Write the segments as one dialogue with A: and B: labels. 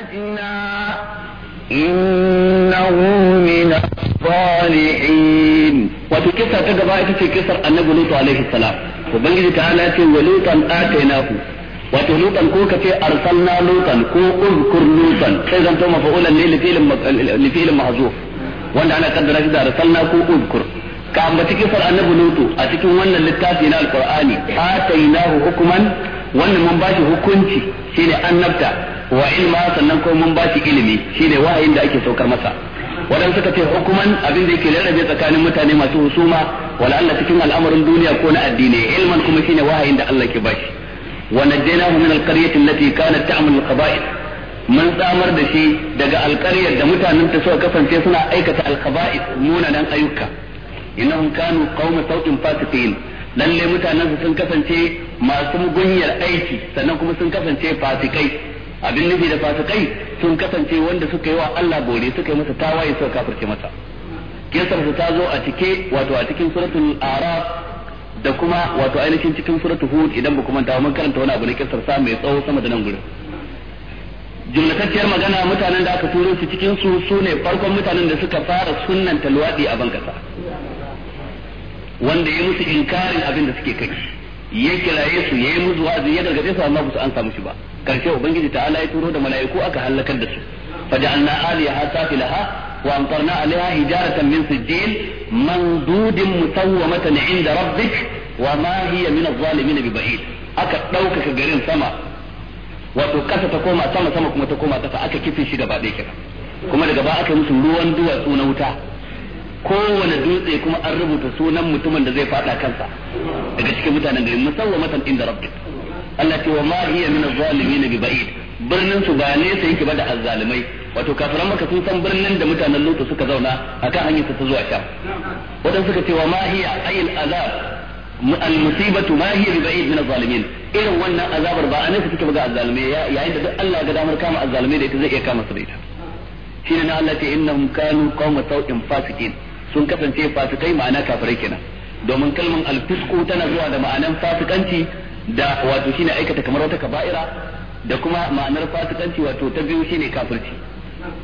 A: عبادنا
B: إنه من الصالحين وتكسر تقبع تكسر النبي لوط عليه السلام وبنجد تعالى ولوطا آتيناه wato lutan ko ka ce arsalna lutan ko uzkur lutan sai zanto mafa'ulan ne li fi'lin mahzuf wanda ana kaddara shi da arsalna ko uzkur ka ambaci kisar annabi lutu a cikin wannan littafi na alqur'ani atainahu hukuman wannan mun bashi hukunci shine annabta wa ilma sannan ko mun ba shi ilimi shine wahayin da ake saukar masa wadan suka ce hukuman abin da yake rarrabe tsakanin mutane masu husuma wala cikin al'amarin duniya ko na addini ilman kuma shine wahayin da Allah ke bashi wa najjaynahu min alqaryati allati kanat ta'malu alqaba'id mun tsamar da shi daga alƙaryar da mutanen ta suka kasance suna aikata alqaba'id munanan ayyuka innahum kanu qauma sautin fasiqin lalle mutanen su sun kasance masu mugunyar aiki sannan kuma sun kasance fasikai abin nufi da fasikai sun kasance wanda suka yi wa Allah bore suka yi masa tawaye suka kafirce masa kisar ta zo a cike wato a cikin suratul araf da kuma wato ainihin cikin suratul hud idan ba kuma mun karanta wani abu na kisar sa mai tsawo sama da nan gurin jumlatacciyar magana mutanen da aka turo su cikin su sune farkon mutanen da suka fara sunnanta luwaɗi a bankasa wanda ya musu inkarin abin da suke kai ya kiraye su yayi musu wa'azi ya gargaɗe su amma ba su an samu shi ba karshe ubangiji ta'ala ya turo da mala'iku aka halakar da su فجعلنا عاليها سافلها وامطرنا عليها حجارة من سجيل منضود مسومة عند ربك min هي من الظالمين ببعيد aka ɗaukaka garin sama wato kasa ta koma sama sama kuma ta koma kasa aka kife shi gaba ɗaya kenan kuma daga ba aka musu ruwan duwatsu na wuta kowane dutse kuma an rubuta sunan mutumin da zai fada kansa daga cikin mutanen gari musawwamatan inda rabbi. Allah ce wa ma hiya min az-zalimin bi ba'id birnin su ba ne sai yake ba da azzalimai wato kafiran maka sun san birnin da mutanen lutu suka zauna akan hanyar ta zuwa sham wadanda suka ce wa ma hiya ayil azab al-musibatu ma hiya bi ba'id min az-zalimin irin wannan azabar ba anan suke ba ga azzalimai yayin da duk Allah ga damar kama azzalimai da ita zai iya kama su da ita shine na Allah ce innahum kanu qauma sau'in fasikin sun kasance fasikai ma'ana kafirai kenan domin kalman alfisku tana zuwa da ma'anan fasikanci da wato shine aikata kamar wata kaba'ira da kuma ma'anar fasikanci wato ta biyu shine kafirci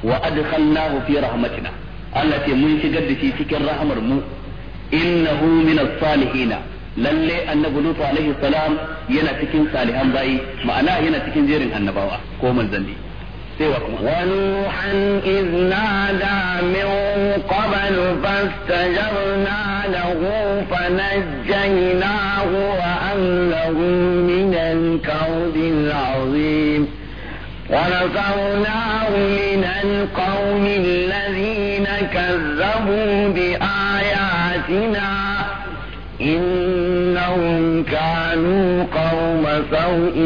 B: wa adkhalnahu fi rahmatina Allah ce mun shigar da shi cikin rahamar mu innahu min as-salihin lalle annabi lutu alaihi salam yana cikin salihan bayi ma'ana yana cikin jerin annabawa ko manzanni ونوحا إذ نادى من قبل
A: فاستجرنا له فنجيناه وأهله من الكرب العظيم
B: ونصرناه من القوم الذين كذبوا
A: بآياتنا إنهم كانوا قوم سوء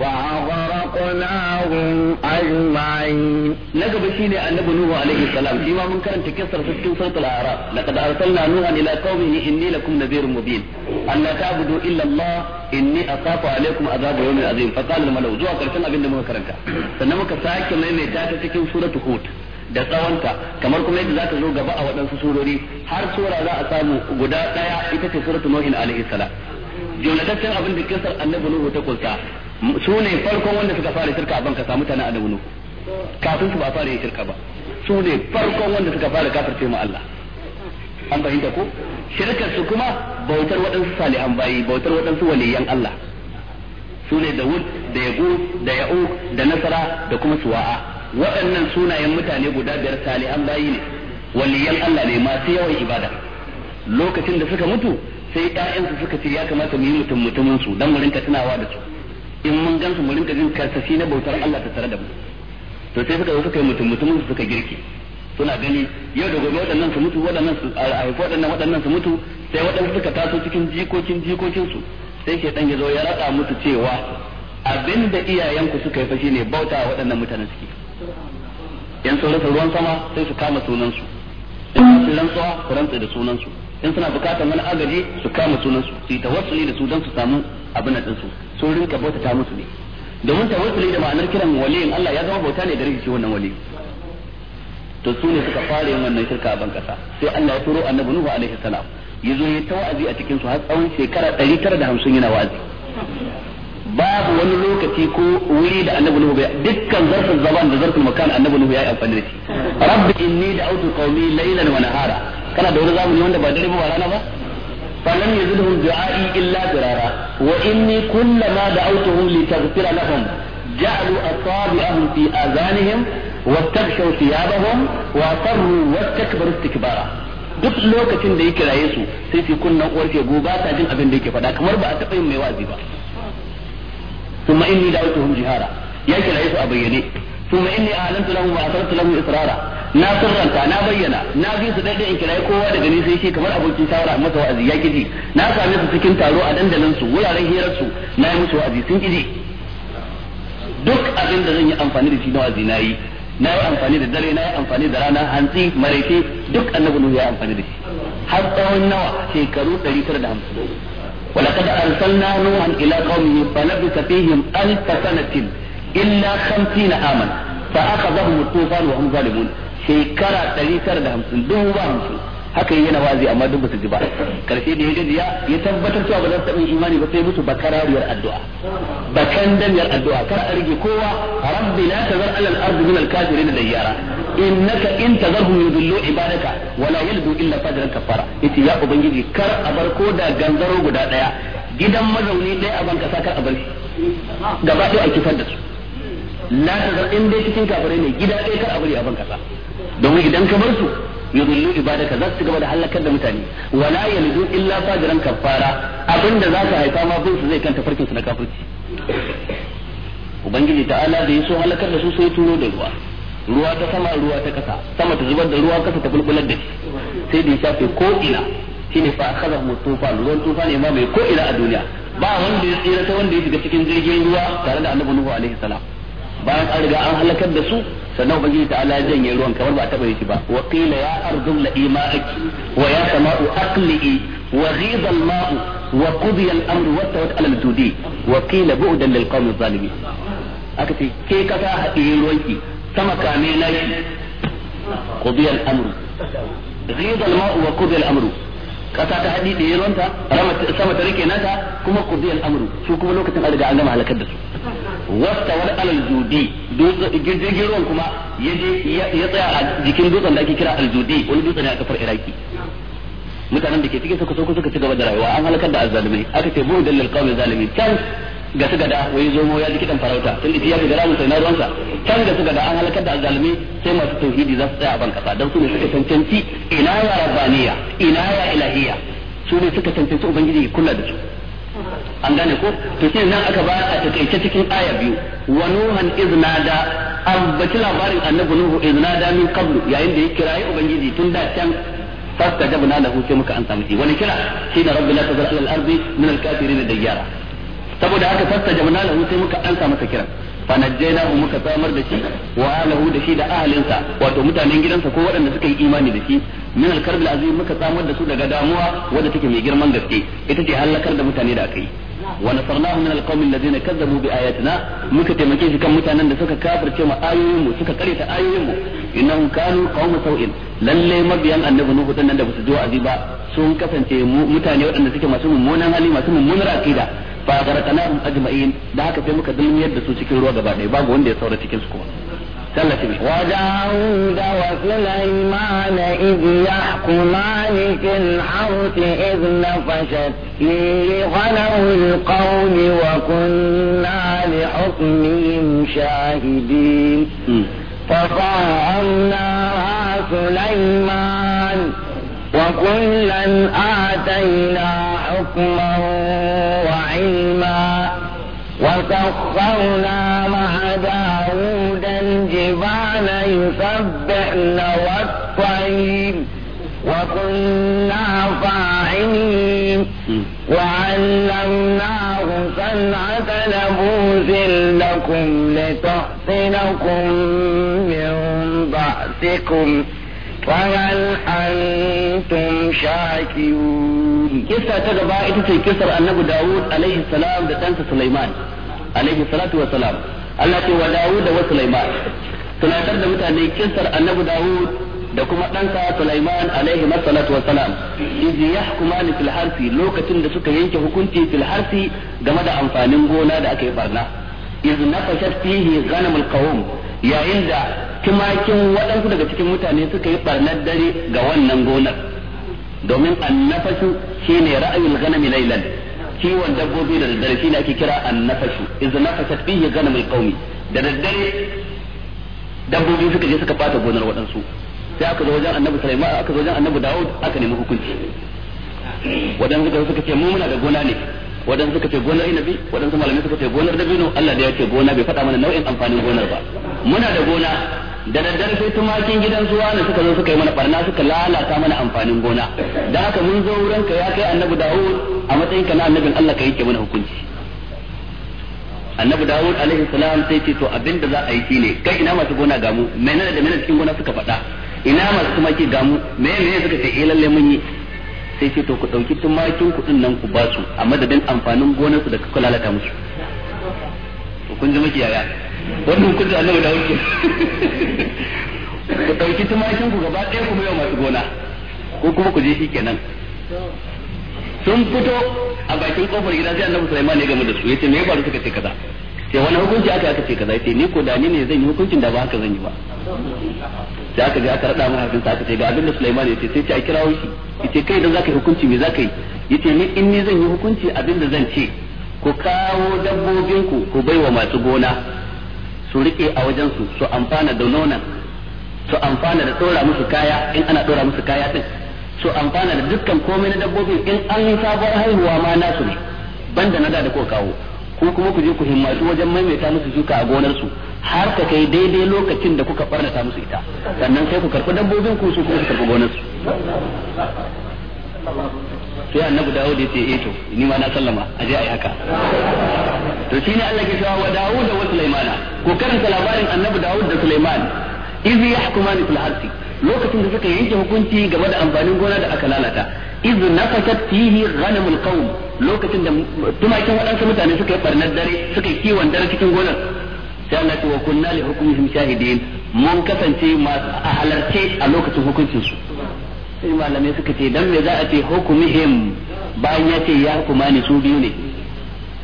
A: فعظم أنهم أجمعين لك
B: بشيني النبي نوح عليه السلام فيما من كان تكسر في سورة الأعراف لقد أرسلنا نوحا إلى قومه إني لكم نذير مبين أن لا تعبدوا إلا الله إني أخاف عليكم عذاب يوم عظيم فقال الملأ زوا كرتن أبين دمو كرنتا سنمك ساكي ميميتا تكين سورة هود da tsawonta kamar kuma yadda za ta zo gaba a waɗansu surori har sura za a samu guda ɗaya ita ce suratu nuhin alaihi salam jonataccen abin da kisar annabi nuhu ta kulta su ne farkon wanda suka fara shirka a banka samu tana annabi nuhu kafin su ba fara yin shirka ba su ne farkon wanda suka fara kafirce mu Allah an fahimta ko shirkar su kuma bautar waɗansu salihan bayi bautar waɗansu waliyan Allah su ne Dawud da Yagu da Ya'u da Nasara da kuma Suwa'a waɗannan sunayen mutane guda biyar salihan bayi ne waliyan Allah ne masu yawan ibada lokacin da suka mutu sai ƴaƴansu suka ce ya kamata mu yi mutum mutumin su dan mu rinka tunawa da su in mun gansu mu rinka jin karsashi na bautar Allah ta tare da mu to sai suka zo suka yi mutum su suka girki suna gani yau da gobe waɗannan su mutu waɗannan su haifu waɗannan waɗannan su mutu sai waɗansu suka taso cikin jikokin jikokinsu sai ke ya zo ya raɗa mutu cewa abin da iyayenku suka yi fashi ne bauta waɗannan mutanen suke yan sun rasa ruwan sama sai su kama sunansu in su rantsuwa su rantsa da sunansu in suna bukatar wani agaji su kama sunansu su yi tawassuli da su don su samu abin da ɗinsu sun rinka ta musu ne domin tawassuli da ma'anar kiran waliyin Allah ya zama bauta ne gare shi wannan wali to su ne suka fara yin wannan shirka a ban kasa sai Allah ya turo annabi Nuhu alaihi salam ya zo ya tawazi a cikin su har tsawon shekara 950 yana wazi babu wani lokaci ko wuri da annabi Nuhu bai dukkan zarfin zaman da zarfin makan annabi Nuhu ya yi amfani da shi rabbi inni da'utu qaumi laylan wa nahara kana da wani zamani wanda ba dare ba rana ba فلم يزدهم دعائي إلا فرارا وإني كلما دعوتهم لتغفر لهم جعلوا أصابعهم في آذانهم واستغشوا ثيابهم وأصروا واستكبروا استكبارا duk lokacin da ya kiraye su sai su kunna uwar ke goba ta jin abin da yake faɗa kamar ba a taɓa yin mai wazi ba kuma inni da'utuhum jihara
C: ya kiraye su a bayyane
B: kuma inni a'lantu lahum wa asartu lahum israra na sirranta na bayyana na bi su daidai in kirayi kowa daga ni sai shi kamar abokin shawara masa wa'azi ya kiji na same su cikin taro a dandalin su wuraren hirar su na yi musu wa'azi sun kiji duk abin da zan yi amfani da shi na wa'azi na yi na yi amfani da dare na yi amfani da rana hantsi maraice duk annabi nuhu ya amfani da shi har tsawon nawa shekaru 950 ولقد أرسلنا نوحا إلى قومه فلبث فيهم ألف سنة إلا خمسين عاما فأخذهم الطوفان وهم ظالمون shekara ɗari tara da hamsin dubu ba hamsin haka yi yana wazi amma duk basu ji ba karshe da ya gaji ya ya tabbatar cewa ba za su taɓa imani ba sai musu bakarariyar addu'a
C: bakan damiyar addu'a kar a rige
B: kowa rabbi la tazar alal ardi min al kafirin dayyara innaka in tazarhum yudillu ibadaka wa la yaldu illa fajran kafara yace ya ubangiji kar a bar ko da gangaro guda daya gidan mazauni ɗaya a ban kasa kar a bar shi gaba ɗaya a kifar da su la tazar in dai cikin kafirai ne gida ɗaya kar a bari a ban kasa don idan ka bar su yudullu ibadaka za su gaba da halakar da mutane wala yalidu illa fajiran kafara abinda za ka haifa ma su zai kanta farkin su na kafirci ubangiji ta'ala da yaso halakar da su sai turo da ruwa ruwa ta sama ruwa ta kasa sama ta zubar da ruwa kasa ta bulbular da shi
C: sai da ya shafe ko ina
B: shine fa akhadha mu tufan ruwan tufan ne ma mai ko ina a duniya ba wanda ya tsira ta wanda ya shiga cikin jirgin ruwa tare da annabi nuhu alaihi salam bayan an riga an halakar da su sannan ubangiji ta ala janye ruwan kamar ba taba shi ba wa qila ya ardu la ima'aki wa ya sama'u aqli'i wa ghida al-ma'u wa qudiya al-amru wa tawakkalal ala al-judi wa qila bu'dan lil qawmi zalimin aka ce ke kasa haɗe ruwanki sama kame na shi qudiya al-amru ghida al-ma'u wa qudiya al-amru kasa ta haɗi da ruwanta sama ta rike nata kuma qudiya al-amru su kuma lokacin an riga an gama halakar da su
C: wastawar
B: al-judi jirgin ruwan kuma ya tsaya a jikin dutsen da ake kira al-judi wani dutsen ne a kafar iraki mutanen da ke cikin suka sauko suka ci gaba da rayuwa an halakar da azzalumai aka ce bu'u dalil qawmi zalimin can ga su gada wai zomo ya ji kidan farauta tun da ya gara ramin sai na ruwansa can ga su gada an halakar da azzalumai sai masu tauhidi za su tsaya a ban kasa dan su ne suka cancanci ina ya rabbaniya ina ya ilahiya su ne suka cancanci ubangiji ya kula da su an gane ko to shi nan aka ba a takaice cikin aya biyu wa nuhan iznada ambaci labarin annabi nuhu iznada min qablu yayin da ya kira kirayi ubangiji tun da can fasta jabna lahu sai muka ansa miki wani kira shi da rabbi la tazar al ardi min al kafirin dayyara saboda haka jabna lahu sai muka ansa masa kiran fanajjaina hu muka samar da shi wa alahu da shi da ahalinsa wato mutanen gidansa ko waɗanda suka yi imani da shi min al-karb muka samar da su daga damuwa wanda take mai girman gaske ita ce halakar da mutane da akai wa nasarnahu min al-qawmi alladhina kazzabu bi ayatina muka taimake shi kan mutanen da suka kafirce mu ayoyin mu suka kareta ayoyin mu innahum kanu qawma sau'in lalle mabiyan annabi nuhu dan nan da basu ji wa'azi sun kasance mutane waɗanda suke masu mummunan hali masu mummunar aqida fa gharqnahum ajma'in da haka sai muka dulmiyar da su cikin ruwa gaba ɗaya babu wanda ya saura cikin su kuma ثلاثة
A: وداود وسليمان إذ يحكمان في الحرث إذ نفشت فيه غنم القوم وكنا لحكمهم شاهدين ففهمناها سليمان وكلا آتينا حكما وعلما وسخرنا مع داود والحيوان يسبحن والطيب وكنا فاعلين وعلمناه صنعة لبوس لكم لتحصنكم من بعثكم فهل
B: أنتم شاكرون كيف تغبا إتسي كسر أبو داود عليه السلام دتانس سليمان عليه الصلاة والسلام التي وداوود وسليمان tunatar da mutane kisar annabi Dawud da kuma ɗansa Sulaiman alaihi masallatu wassalam iz yahkumani fil harfi lokacin da suka yanke hukunci fil harfi game da amfanin gona da aka yi barna iz nafashat fihi ghanamul qawm yayin
A: da tumakin
B: waɗansu daga cikin mutane suka yi barnar dare ga wannan gonar domin annafashu shine ra'ayul ghanami laylan kiwon dabbobi da daddare shine ake kira annafashu iz nafashat fihi ghanamul qawmi da daddare dabbobi suka je suka fata gonar waɗansu sai aka zo wajen annabi sulaiman aka zo wajen annabi dawud aka nemi hukunci waɗansu suka suka ce mu muna da gona ne waɗansu suka ce gonar inabi waɗansu malamai suka ce gonar dabino Allah da ya ce gona bai faɗa mana nau'in amfanin gonar ba muna da gona da daddan sai tumakin gidan su wani suka zo suka yi mana barna suka lalata mana amfanin gona da haka mun zo wurinka ya kai annabi dawud a ka na annabin Allah ka yake mana hukunci annabi dawud alaihi salam sai ce to abinda za a yi shine kai ina masu gona gamu menene da menene cikin gona suka faɗa ina masu tumaki gamu menene ne suka ce eh lalle mun yi sai ce to ku dauki tumakin din nan ku basu a madadin amfanin gonar su da kuka lalata musu to kun ji miki yaya wannan kun ji annabi dawud ke ku dauki tumakin ku gaba ɗaya ku mai masu gona ko kuma ku je shi kenan sun fito a bakin kofar gida sai annabi Sulaiman ya game da su yace me ya faru suka ce kaza sai wani hukunci aka aka ce kaza yace ni ko da ni ne zan yi hukuncin da ba haka zan yi ba sai aka ga aka rada mahaifin sa aka ce ga abinda Sulaiman yace sai ta kirawo shi yace kai dan zaka yi hukunci me zaka yi yace ni in ni zan yi hukunci abinda zan ce ku kawo dabbobinku ku baiwa masu gona su rike a wajen su su amfana da nonan su amfana da tsora musu kaya in ana tsora musu kaya din su amfana da dukkan komai na dabbobi in an yi sabon haihuwa ma nasu ne banda na da da ko kawo ko kuma ku je ku himmatu wajen maimaita musu shuka a gonar su har ta kai daidai lokacin da kuka barnata musu ita sannan sai ku karɓi dabbobin ku su kuma su karɓi gonar su sai annabi Dawud ya ce eh to ni ma na sallama a je ai haka to shine Allah ke cewa wa Dawud wa Sulaimana ko karanta labarin annabi Dawud da Sulaiman idh yahkumani fil harthi lokacin da suka yanke hukunci game da amfanin gona da aka lalata iz nafatat fihi ghanamul qawm lokacin da tumakin waɗansu mutane suka yi barnar dare suka yi kiwon dare cikin gonar sai Allah ya wa kunna li hukmihim shahidin mun kasance masu a halarce a lokacin hukuncin su sai malamai suka ce dan me za a ce hukmihim bayan ya ce ya hukuma ne su biyu ne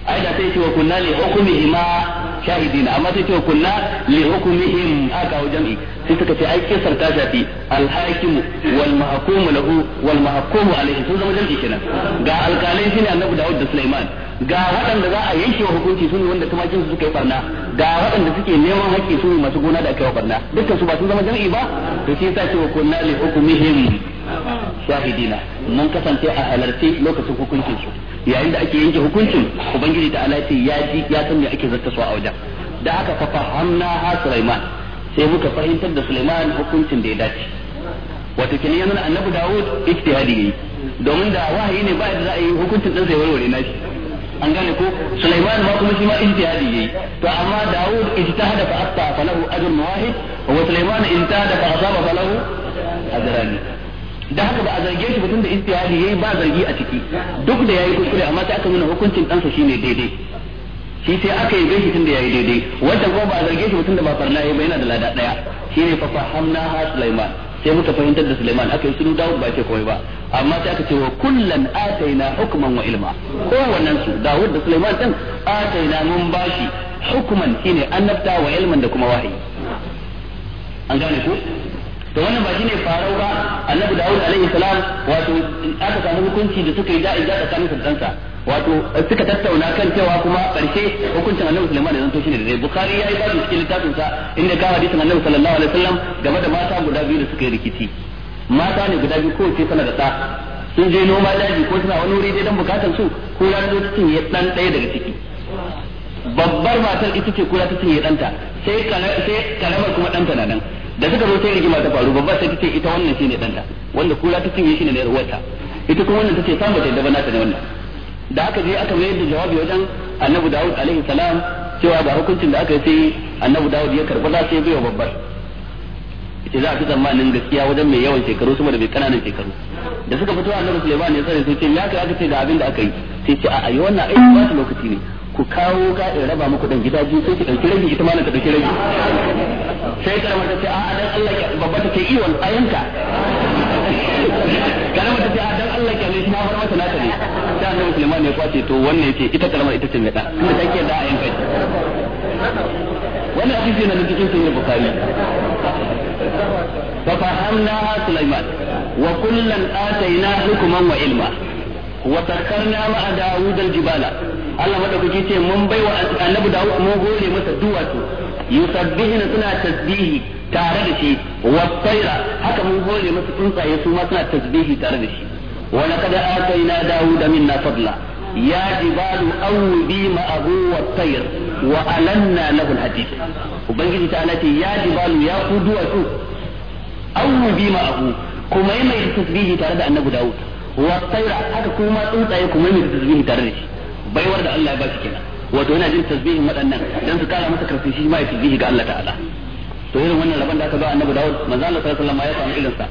B: ai da sai ce wa kunna li hukmihima shahidina amma sai ce kunna li hukmihim aka wa jam'i sai suka ce ai kisar ta shafi al hakim wal mahkum lahu wal mahkum alaihi sun zama jami'i kenan ga alkalai shine annabi Dawud da Sulaiman ga waɗanda za a yanke wa hukunci su ne wanda tumakin su suka yi barna ga waɗanda suke neman haƙƙi su masu gona da aka yi barna dukkan su ba sun zama jami'i ba to sai sa ce wa kunna li hukmihim shahidina mun kasance a halarci lokacin hukuncin su yayin da ake yanke hukuncin ubangiji ta ala ce ya ji ya san me ake su a wajen da aka fa fahamna ha Sulaiman sai muka fahimtar da Sulaiman hukuncin da ya dace wato kin yanzu annabi daud ijtihadi yayi domin da wahayi ne ba da za a yi hukuncin dan sai warware na shi
A: an gane ko Sulaiman ma kuma shi ma ijtihadi yayi
B: to amma daud ijtihada fa atta falahu ajrun wahid wa Sulaiman intahada fa asaba falahu ajran da haka ba a zarge shi mutum da istihadi yayi ba zargi a ciki duk da yayi kuskure amma sai aka nuna hukuncin dansa shine daidai shi sai aka yi gaishe tun da yayi daidai wanda kuma ba a zarge shi mutum da ba farna yayi ba yana da lada daya shine fa fahamna ha Sulaiman sai muka fahimtar da Sulaiman aka yi sunu Dawud ba ce kawai ba amma sai aka ce wa kullan ataina hukman wa ilma wannan su Dawud da Sulaiman din ataina mun bashi hukman shine annabta wa ilman da kuma wahayi an gane ku to wannan ba shine farau ba annabi dawud alaihi salam wato aka samu hukunci da suka yi da'i da tsakanin sultansa wato suka tattauna kan cewa kuma karshe hukuncin annabi sulaiman yanzu shine da bukhari yayi ba cikin littafin sa inda ga hadisin annabi sallallahu alaihi wasallam game da mata guda biyu da suka yi rikici mata ne guda biyu kowace sana da da sun je noma daji ko suna wani wuri dai dan bukatar su ko ya zo cikin ya dan daya daga ciki babbar matar ita ce kula ta cinye ɗanta sai karamar kuma ɗanta na nan da suka zo sai rigima ta faru babba sai tace ita wannan shine danta wanda kura ta cinye shi ne yar uwarta ita kuma wannan take samu ta da bana ne wannan da aka je aka mayar da jawabi wajen annabi Dawud alaihi salam cewa ga hukuncin da aka yi sai annabi Dawud ya karba sai bai wa babbar ita za a ci tsammanin gaskiya wajen mai yawan shekaru sama da mai kananan shekaru da suka fito annabi Sulaiman ya sani sai ce ya kai aka ce ga abin da aka yi sai ce a'a wannan aiki ba lokaci ne ku kawo ga in raba muku dan gida biyu sai ki dauki rabi ita ma ta dauki rabi sai ta mata ce a dan Allah ki babba ta ce i wal ayanka kana ta ce a dan Allah ya shi na bar mata nata ne da annabi Sulaiman ne kwace to wannan yake ita karama ita ce mai da kuma take da ayanka wannan hadisi ne da cikin sahih bukhari atayna سليمان wa ilma wa takarna وسخرنا daud al-jibala Allah madaukaki ce mun bai wa annabi Dawud mun gode masa duwatsu yusabbihuna suna tasbihi tare da shi wa tsaira haka mun gode masa tsuntsaye su ma suna tasbihi tare da shi wa laqad ataina Dawuda minna fadla ya jibalu awbi ma'ahu abu wa alanna lahu alhadid ubangiji ta ce ya jibalu ya ku duwatsu awbi ma'ahu kuma yi mai tasbihi tare da annabi Dawud tsaira haka kuma tsuntsaye kuma yi mai tasbihi tare da shi baiwar da Allah ya ba shi kenan wato yana jin tasbihin waɗannan dan su kara masa karfi shi ma ya tasbihi ga Allah ta'ala to irin wannan rabon da aka ba annabi Dawud manzo Allah sallallahu alaihi wasallam ya samu irin sa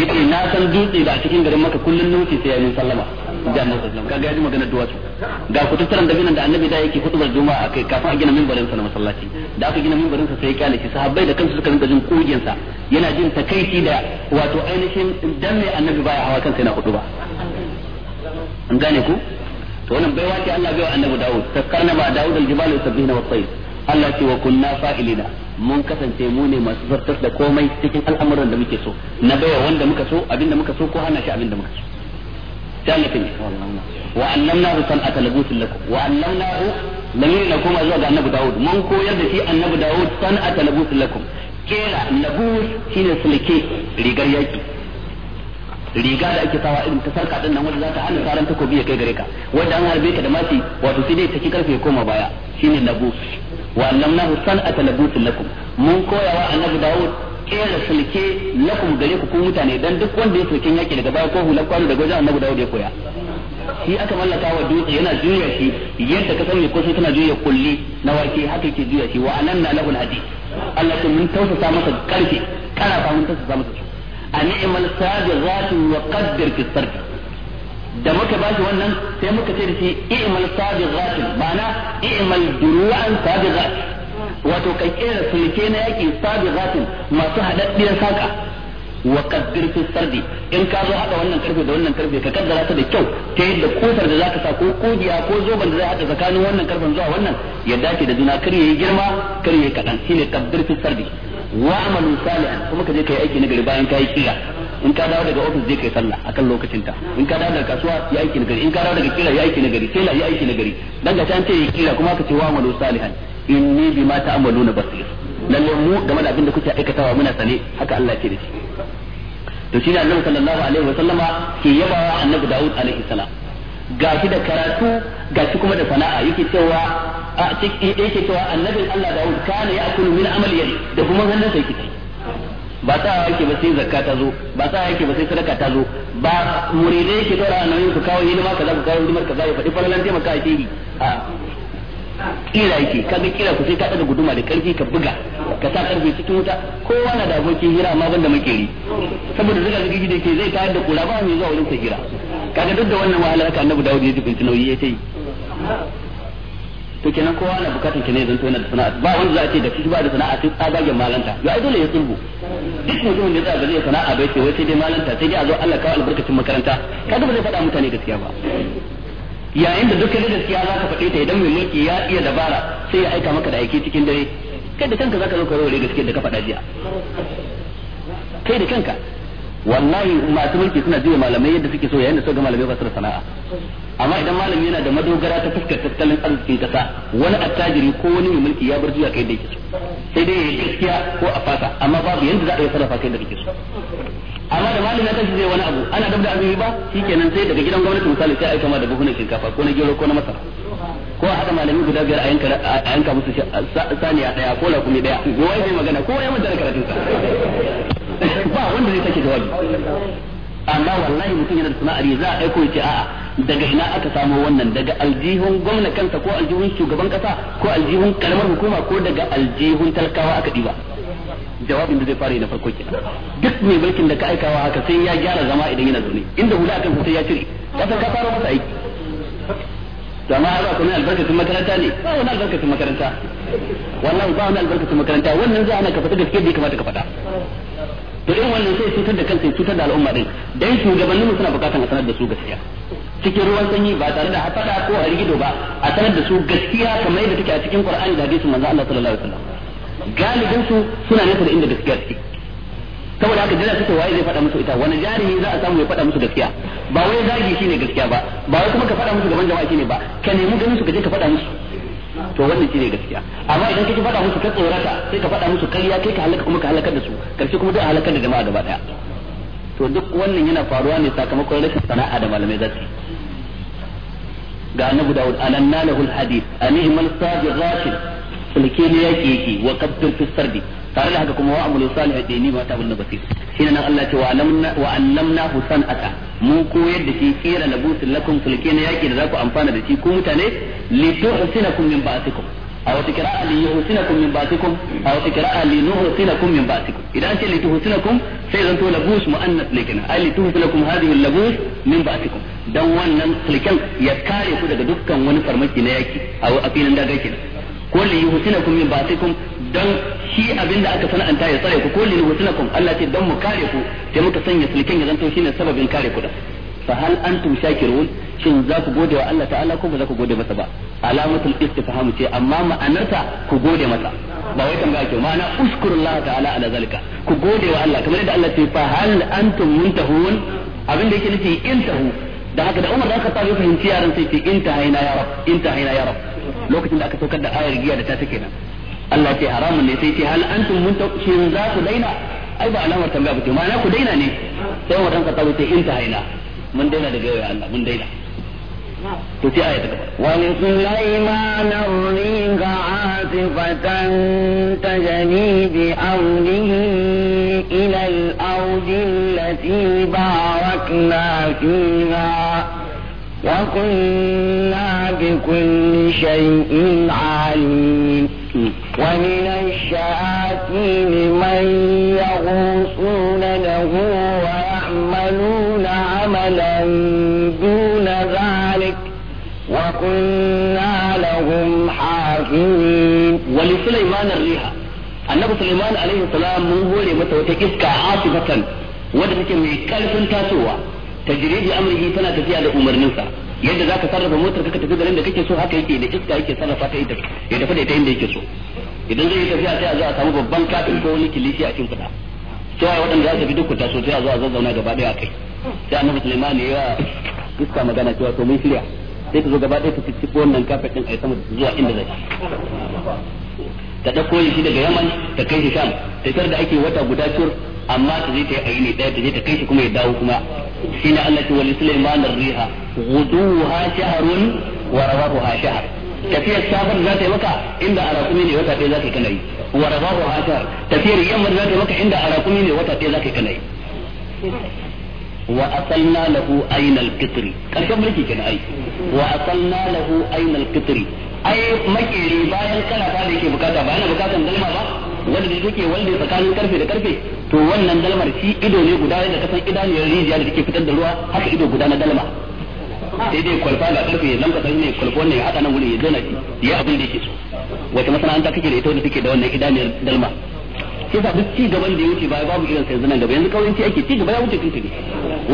B: yace na san dutse da cikin garin maka kullun nufi sai ya yi sallama da annabi sallallahu kaga yaji magana duwatsu ga ku tattaran da binan da annabi da yake hutubar juma'a kai kafin a gina minbarin sa na masallaci da aka gina minbarin sa sai ya kalle shi sahabbai da kansu suka rinka jin kugin sa yana jin takaici da wato ainihin dan mai annabi baya hawa kansa yana hutuba an gane ku to wannan baiwa ce Allah bai wa annabi Dawud sakkarna ma Dawud al-jibal yusabbihna was-sayf Allah ce wa kunna fa'ilina mun kasance mu ne masu zartar da komai cikin al'amuran da muke so na baiwa wanda muka so abinda muka so ko hana shi abinda muka so ثالثا وعلمناه صنعة لبوس لكم وعلمناه
A: لمن لكم أزواج النبي داود من كو يدشي النبي داود صنعة لبوس لكم كيرا
B: لبوس شين سلكي رجال يجي riga da ake sawa irin ta sarka din nan wanda za ta hana saran takobi ya kai gare ka wanda an harbe ka da mati wato sai dai take karfe ya koma baya shine labus wa allamnahu san'ata na lakum mun koya wa annabi Dawud kera sulke lakum gare ku ku mutane dan duk wanda ya sulke yaki daga baya ko hulan kwano daga wajen annabi Dawud ya koya shi aka mallaka wa dutse yana juya shi yadda ka sani ko sai tana juya kulli na wake haka yake juya shi wa anan na lahul hadi Allah mun tausasa masa karfe kana fa mun tausasa masa
A: a ni'mal sabiqatun wa
B: fi sarf da muka ba shi wannan sai muka ce da shi i'mal sabiqatun mana i'mal duru'an sabiqat wato kai kira sulke na yaki sabiqatun masu hadaddiyar saka wa qaddir fi in ka zo hada wannan karfe da wannan karfe ka kaddara ta da kyau ta yadda kofar da zaka sa ko kogiya ko zoban da zai hada tsakanin wannan karfen zuwa wannan ya dace da juna kar yi girma kar yi kadan shine qaddir fi sardi wa salihan kuma ka je kai aiki na gari bayan kai kira in ka dawo daga office je kai sallah akan lokacin ta in ka dawo daga kasuwa ya aiki na gari in ka dawo daga kira ya aiki na gari tela ya aiki na gari dan ga an ce ya kira kuma ka ce wa salihan inni bima ta'maluna basir lalle mu game da abin da kuke aikatawa muna sane haka Allah ke ce da shi to shi ne annabi sallallahu alaihi wa sallama ke yabawa annabi Dawud alaihi salam gashi da karatu gashi kuma da sana'a yake cewa a cikin yake cewa annabi Allah da wuta ne ya akulu min amali yadi da kuma hannun sai kike ba ta yake ba sai zakka ta zo ba ta yake ba sai sadaka ta zo ba muridai yake dora annabi su kawo hidima kaza ku kawo hidimar kaza ya fadi falalan taimaka a yi a
C: kira yake ka ga kira ku sai
B: ka daga guduma da karfi ka buga ka sa karfi cikin wuta kowa na da abokin hira amma banda makeri saboda zuga zuga gidi ke zai tayar da kula ba mai zuwa wurin sa hira kaga duk da wannan wahala haka annabi Dawud ya jibinci nauyi ya ce to kenan kowa na bukatar kenan zan tona da sana'a ba wanda za a ce da shi ba da sana'a sai tsabagen malanta ya ai dole ya tsulbu duk mutumin da za a zai sana'a bai ce wai sai dai malanta sai dai a zo Allah kawo albarkacin makaranta kaga ba zai faɗa mutane gaskiya ba yayin da dukkan gaskiya za ka faɗe ta idan mai mulki ya iya dabara sai ya aika maka da aiki cikin dare kai da kanka zaka zo ka rawaye gaskiya da ka faɗa jiya kai da kanka wallahi masu mulki suna jiya malamai yadda suke so yayin da suka malamai ba su da sana'a amma idan malami yana da madogara ta fuskar tattalin arzikin kasa wani attajiri ko wani mai mulki ya bar jiya kai da yake so sai dai ya gaskiya ko a fasa amma babu yanda za a yi sarrafa kai da kake so amma da malami ya tashi zai wani abu ana dabda azumi ba shikenan sai daga gidan gwamnati misali sai a aika ma da buhunan shinkafa ko na gero ko na masara ko a haɗa malami guda biyar a yanka musu saniya daya ko lakumi ɗaya ko wai mai magana ko wai mutu da sa. ba wanda zai sake jawabi amma wallahi mutum yana da sana'ar za a aiko ya ce a'a daga ina aka samo wannan daga aljihun gwamna kansa ko aljihun shugaban kasa ko aljihun karamar hukuma ko daga aljihun talakawa aka diba jawabin da zai fara yi na farko kenan duk mai mulkin da ka aikawa haka sai ya gyara zama idan yana zaune inda hula akan sai ya cire kasa ka fara masa aiki zama ba ku ne albarkacin makaranta ne ba wani albarkacin makaranta
C: wallahi ba wani albarkacin makaranta wannan zai ana
B: ka fata gaske bai kamata ka fada to irin wannan sai cutar da kansa cutar da al'umma din dan shugabannin mu suna bukatar a sanar da su gaskiya cikin ruwan sanyi ba tare da hafada ko a harigido ba a sanar da su gaskiya kamar yadda take a cikin Qur'ani da hadisin manzo Allah sallallahu alaihi wasallam galibin su suna nesa da inda gaskiya take saboda haka jira take waye zai faɗa musu ita wani jarumi za a samu ya fada musu gaskiya ba wai zagi shine gaskiya ba ba wai kuma ka faɗa musu gaban jama'a shine ba ka nemi ganin su ka je ka fada musu to wannan shine gaskiya amma idan kake faɗa musu ka tsorata sai ka faɗa musu karya kai ka halaka kuma ka halaka da su karshe kuma duk halakar da jama'a gaba daya to duk wannan yana faruwa ne sakamakon rashin sana'a da malamai zaki ga annabi Dawud anan lahul hadith anihmal sabiratin sulke ne yake yake wa kabbir fi sardi tare da haka kuma wa amul salih dini ba ta bulla basir shine nan Allah ce wa alamna wa allamna husan ata mu koyar da shi kira labusul lakum sulke na yaki da za amfana da shi ku mutane li tuhsinakum min ba'tikum a wata kira'a li yuhsinakum min ba'tikum a wata kira'a li nuhsinakum min ba'tikum idan ce li tuhsinakum sai zanto labus muannas lekin ai li tuhsinakum hadhihi labus min ba'tikum dan wannan sulken ya kare ku daga dukkan wani farmaki na yaki a filin daga kenan ko li yuhsinakum min ba'tikum dan shi abinda aka sana'anta ya tsare ku ko li yuhsinakum Allah ce dan mu kare ku sai muka sanya sulkin ya zanto shine sababin kare ku da fa hal antum shakirun shin za ku gode wa Allah ta'ala ko ba za ku gode masa ba alamatul istifham ce amma ma'anarta ku gode masa ba wai tambaya ke ma'ana uskurullah ta'ala ala zalika ku gode wa Allah kamar yadda Allah ce fa hal antum muntahun abin da yake nufi intahu da haka da Umar da aka fahimci yaran sai ce intahaina ya rab intahaina ya rab lokacin da aka saukar da ayar giya da ta take nan Allah ce haramun ne sai ce hal antum muntakin za ku daina ai ba alamar tambaya ba ce ma'ana ku daina ne sai wa ranka tawo ce in ta haina mun daina daga yau Allah mun daina to sai aya ta gaba wa li
A: sulaiman ar-riha asifatan tajani bi awlihi ila al-awdi allati barakna fiha وكنا بكل شيء عليم ومن الشياطين من يغوصون له ويعملون عملا دون ذلك وكنا
B: لهم حافظين ولسليمان الريح النبي سليمان عليه السلام من هو لمتوتك إسكا عاصفة ودرك من كلف تاسوه tajridi amrihi tana tafiya da umarninsa yadda zaka sarrafa motar ka tafi garin da kake so haka yake da iska yake sarrafa ta ita ya tafi da ita inda yake so idan zai yi tafiya sai a zo a samu babban kafin ko wani kilishi a cikin kuda sai ai waɗanda za su bi duk kuta so sai a zo a zazzauna gaba daya kai sai annabi Sulaiman ya iska magana cewa to mun shirya sai ka zo gaba daya ka cicciɓo wannan kafin din a yi sama zuwa inda zai ka ɗauko shi daga yaman ta kai shi sham tafiyar da ake wata guda cur amma ta je ta yi aini daya ta je ta kai shi kuma ya dawo kuma shi ne Allah ce wa Sulaiman ar-riha ghuduha shahrun wa ha shahr tafiyar safar za ta yi maka inda a rakumi ne wata ɗaya za ka kana yi wa rawahuha shahr tafiyar yamma za ta yi maka inda a rakumi ne wata ɗaya za ka kana yi wa asalna lahu ainal qitri karshen mulki kenan ai wa asalna lahu ainal qitri ai makeri bayan kana ba da yake bukata ba yana bukatan dalma ba wanda da ke wanda tsakanin karfe da karfe to wannan dalmar shi ido ne guda da kasan idaniyar rijiya da take fitar da ruwa haka ido guda na dalma sai dai kwalfa ga karfe nan kasan ne kwalfa ya hada nan wurin ya zo na shi ya abin da yake so wata masana'anta kake da ita wanda take da wannan idaniyar dalma sai sa duk ci gaban da ya wuce baya babu irin sai zanan gaba yanzu kawai ake ci gaba ya wuce tun tuni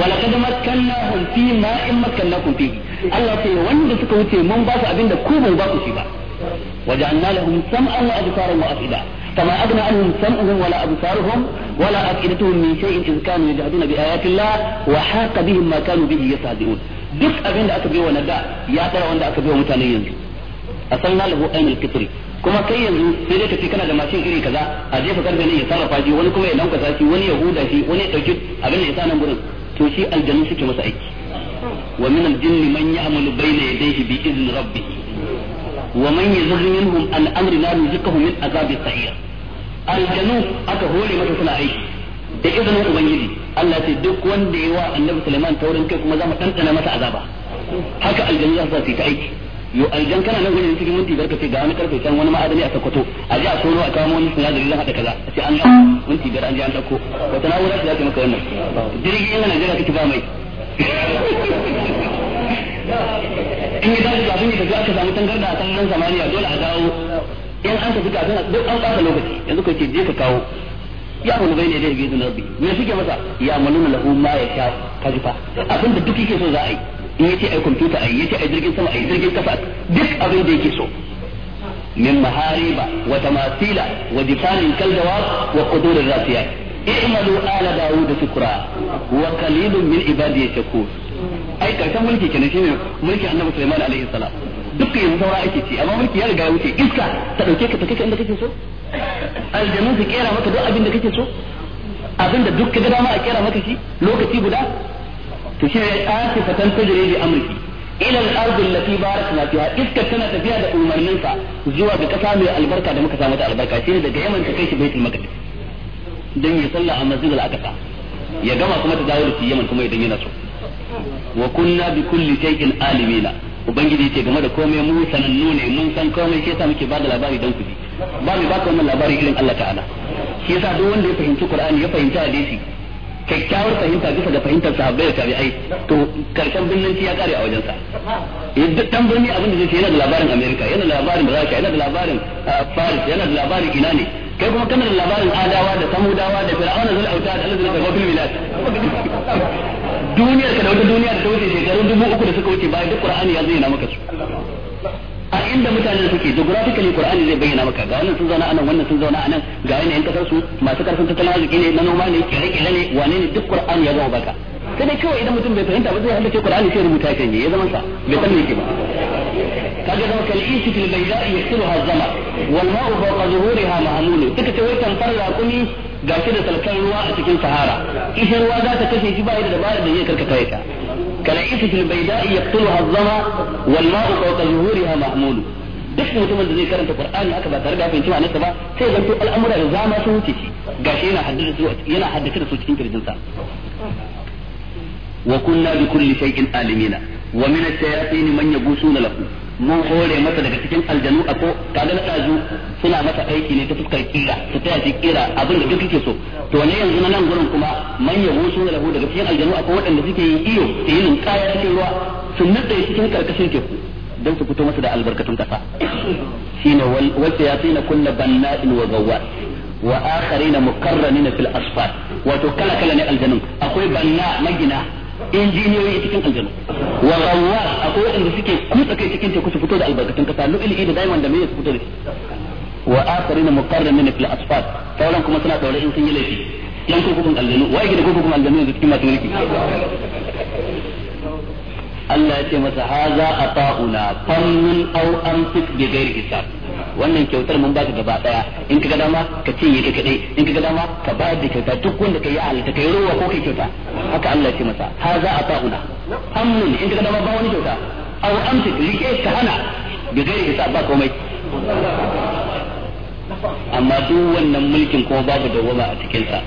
B: wala kad makkannahum fi ma in makkannakum fi Allah sai wanda suka wuce mun ba su abin da ku ba ku shi ba wajanna lahum sam'an wa absaran wa afida فما أغنى عنهم سمعهم ولا أبصارهم ولا أفئدتهم من شيء إذ كانوا يجحدون بآيات الله وحاق بهم ما كانوا به يستهزئون duk abin da aka biyo wani da ya tsara wanda aka biyo mutane yanzu a san na lahu ainul kitri kuma kai yanzu sai dai kace kana da mashin iri kaza a jefa karfe ne ya sarrafa shi wani kuma ya lankwasa shi wani ya huda shi wani ya dauki abin da ya sa nan gurin to shi aljanu suke masa aiki wa min aljinni man ya'malu bayna yadayhi bi izni rabbih wa man yazghi minhum an amrina nuzikahu min azabi sa'ir aljanu aka hore mata suna aiki da izinin ubangiji Allah ce duk wanda ya wa annabi Sulaiman taurin kai kuma za mu tantana masa azaba haka aljanu za su yi ta aiki yo aljan kana nan gudun cikin minti barka sai ga wani karfe can wani ma'adani a Sokoto a ji a tono a kawo wani sinadari zan hada kaza sai an an dauko maka wannan yana in ya tashi kafin ya tafi aka samu tangarda a sararin samaniya dole a dawo in an tafi kafin duk an ɓata lokaci yanzu kai ce je ka kawo ya wani bai ne da yake zunar bi me suke masa ya maluna lahu ma ya sha kajifa abin da duk yake so za a yi in yace ai computer ai yace ai jirgin sama ai jirgin kasa duk abin da yake so min mahariba wa tamasila wa difanin kaldawab wa qudur rasiyat
A: i'malu ala
B: daud shukra wa qalilun min ibadiy shakur ai karshen mulki kenan shine mulki annabi Sulaiman alaihi salam dukkan yanzu saura ake ci amma mulki ya riga ya wuce iska ta dauke ka ta kake inda kake so aljanu su kera maka duk abin da kake so abin duk kaga dama a kera maka shi lokaci guda to shine asifatan tajri bi amriki ila al-ardh allati barakna fiha iska tana tafiya da umarnin sa zuwa ga kasa mai albarka da muka samu ta albarka shine daga Yaman ta kai shi Baitul Maqdis dan ya salla a Masjidil Aqsa ya gama kuma ta dawo da shi Yaman kuma idan yana so wa kunna bi kulli shay'in alimina ubangiji ce game da komai mu sanannu ne mun san komai shi yasa muke bada labari dan ji ba ba ka wannan labari irin Allah ta'ala shi yasa duk wanda ya fahimci Qur'ani ya fahimci hadisi kyakkyawar fahimta bisa da fahimtar sahabbai da tabi'ai to karshen binnanci ya kare a sa yadda dan birni abin da zai yana da labarin America yana da labarin Russia yana da labarin Paris ah, yana da labarin ina ne kai kuma kana da labarin adawa da samudawa da fir'auna zal'auta da Allah zai ga fil milad duniyar ka da wata duniya da ta wuce shekaru dubu uku da suka wuce baya duk qur'ani ya zayyana maka su a inda mutanen suke geographically qur'ani zai bayyana maka ga wannan sun zauna anan wannan sun zauna anan ga yanayin kasar su masu karfin tattalin arziki ne na noma ne kire-kire ne wane ne duk qur'ani ya zama baka sai dai kawai idan mutum bai fahimta ba zai haddace qur'ani sai rubuta kan ya zama sa bai san me yake ba
C: kaga zama kal'ishi fil bayda'i yasiruha zama wal ma'u fawqa zuhuriha ma'lul kika ce wai tamfar raqumi
B: ga shi da salkan ruwa a cikin sahara ishin ruwa za ta kashe shi ba da dabara da zai karkata ita kana isa fil baida'i yaqtuluha az-zama wal ma'u fawqa zuhuriha mahmulu duk mutumin da zai karanta qur'ani haka ba tare da fahimci ma'anarsa ba sai zanto al'amura da zama sun wuce shi gashi yana haddace su yana haddace da su cikin sa.
C: wa kunna bi kulli
B: shay'in alimina wa min ash-shayatin man yaghusuna lahu mun hore masa daga cikin aljanu a ko kaga na ɗazu suna masa aiki ne ta fuskar kira ta taya shi kira abin da duk yake so to ne yanzu na nan gurin kuma man ya wusu da lahu daga cikin aljanu a ko waɗanda suke yin iyo yi yin kaya cikin ruwa su nutsa cikin karkashin teku don su fito masa da albarkatun kasa shine wacce ya na kulla banna'in wa gawwa wa akharina na fil asfar wato kala kala ne aljanun akwai banna magina injiniyoyi cikin aljanu wa qawwa akwai wanda suke kutsa kai cikin teku su fito da albarkatun kasa lu'ili da diamond da me su fito da shi wa akharina muqarramin fil asfar sauran kuma suna daure in sun yi laifi yan kurkukun aljanu wa yake ko kurkukun aljanu yanzu cikin masu mulki Allah ya ce masa haza ata'una fannin au amsik bi ghairi hisab wannan kyautar mun baka gaba daya in ka ga dama ka ce yi kake dai in ka ga dama ka bayar da kyauta duk wanda kai halitta kai ruwa ko kai kyauta haka Allah ya ce masa haza ata'una amnun in ka ga dama ba wani kyauta aw amsik rike ta hana bi gairi hisab ba komai amma duk wannan mulkin ko babu dawwama a cikin sa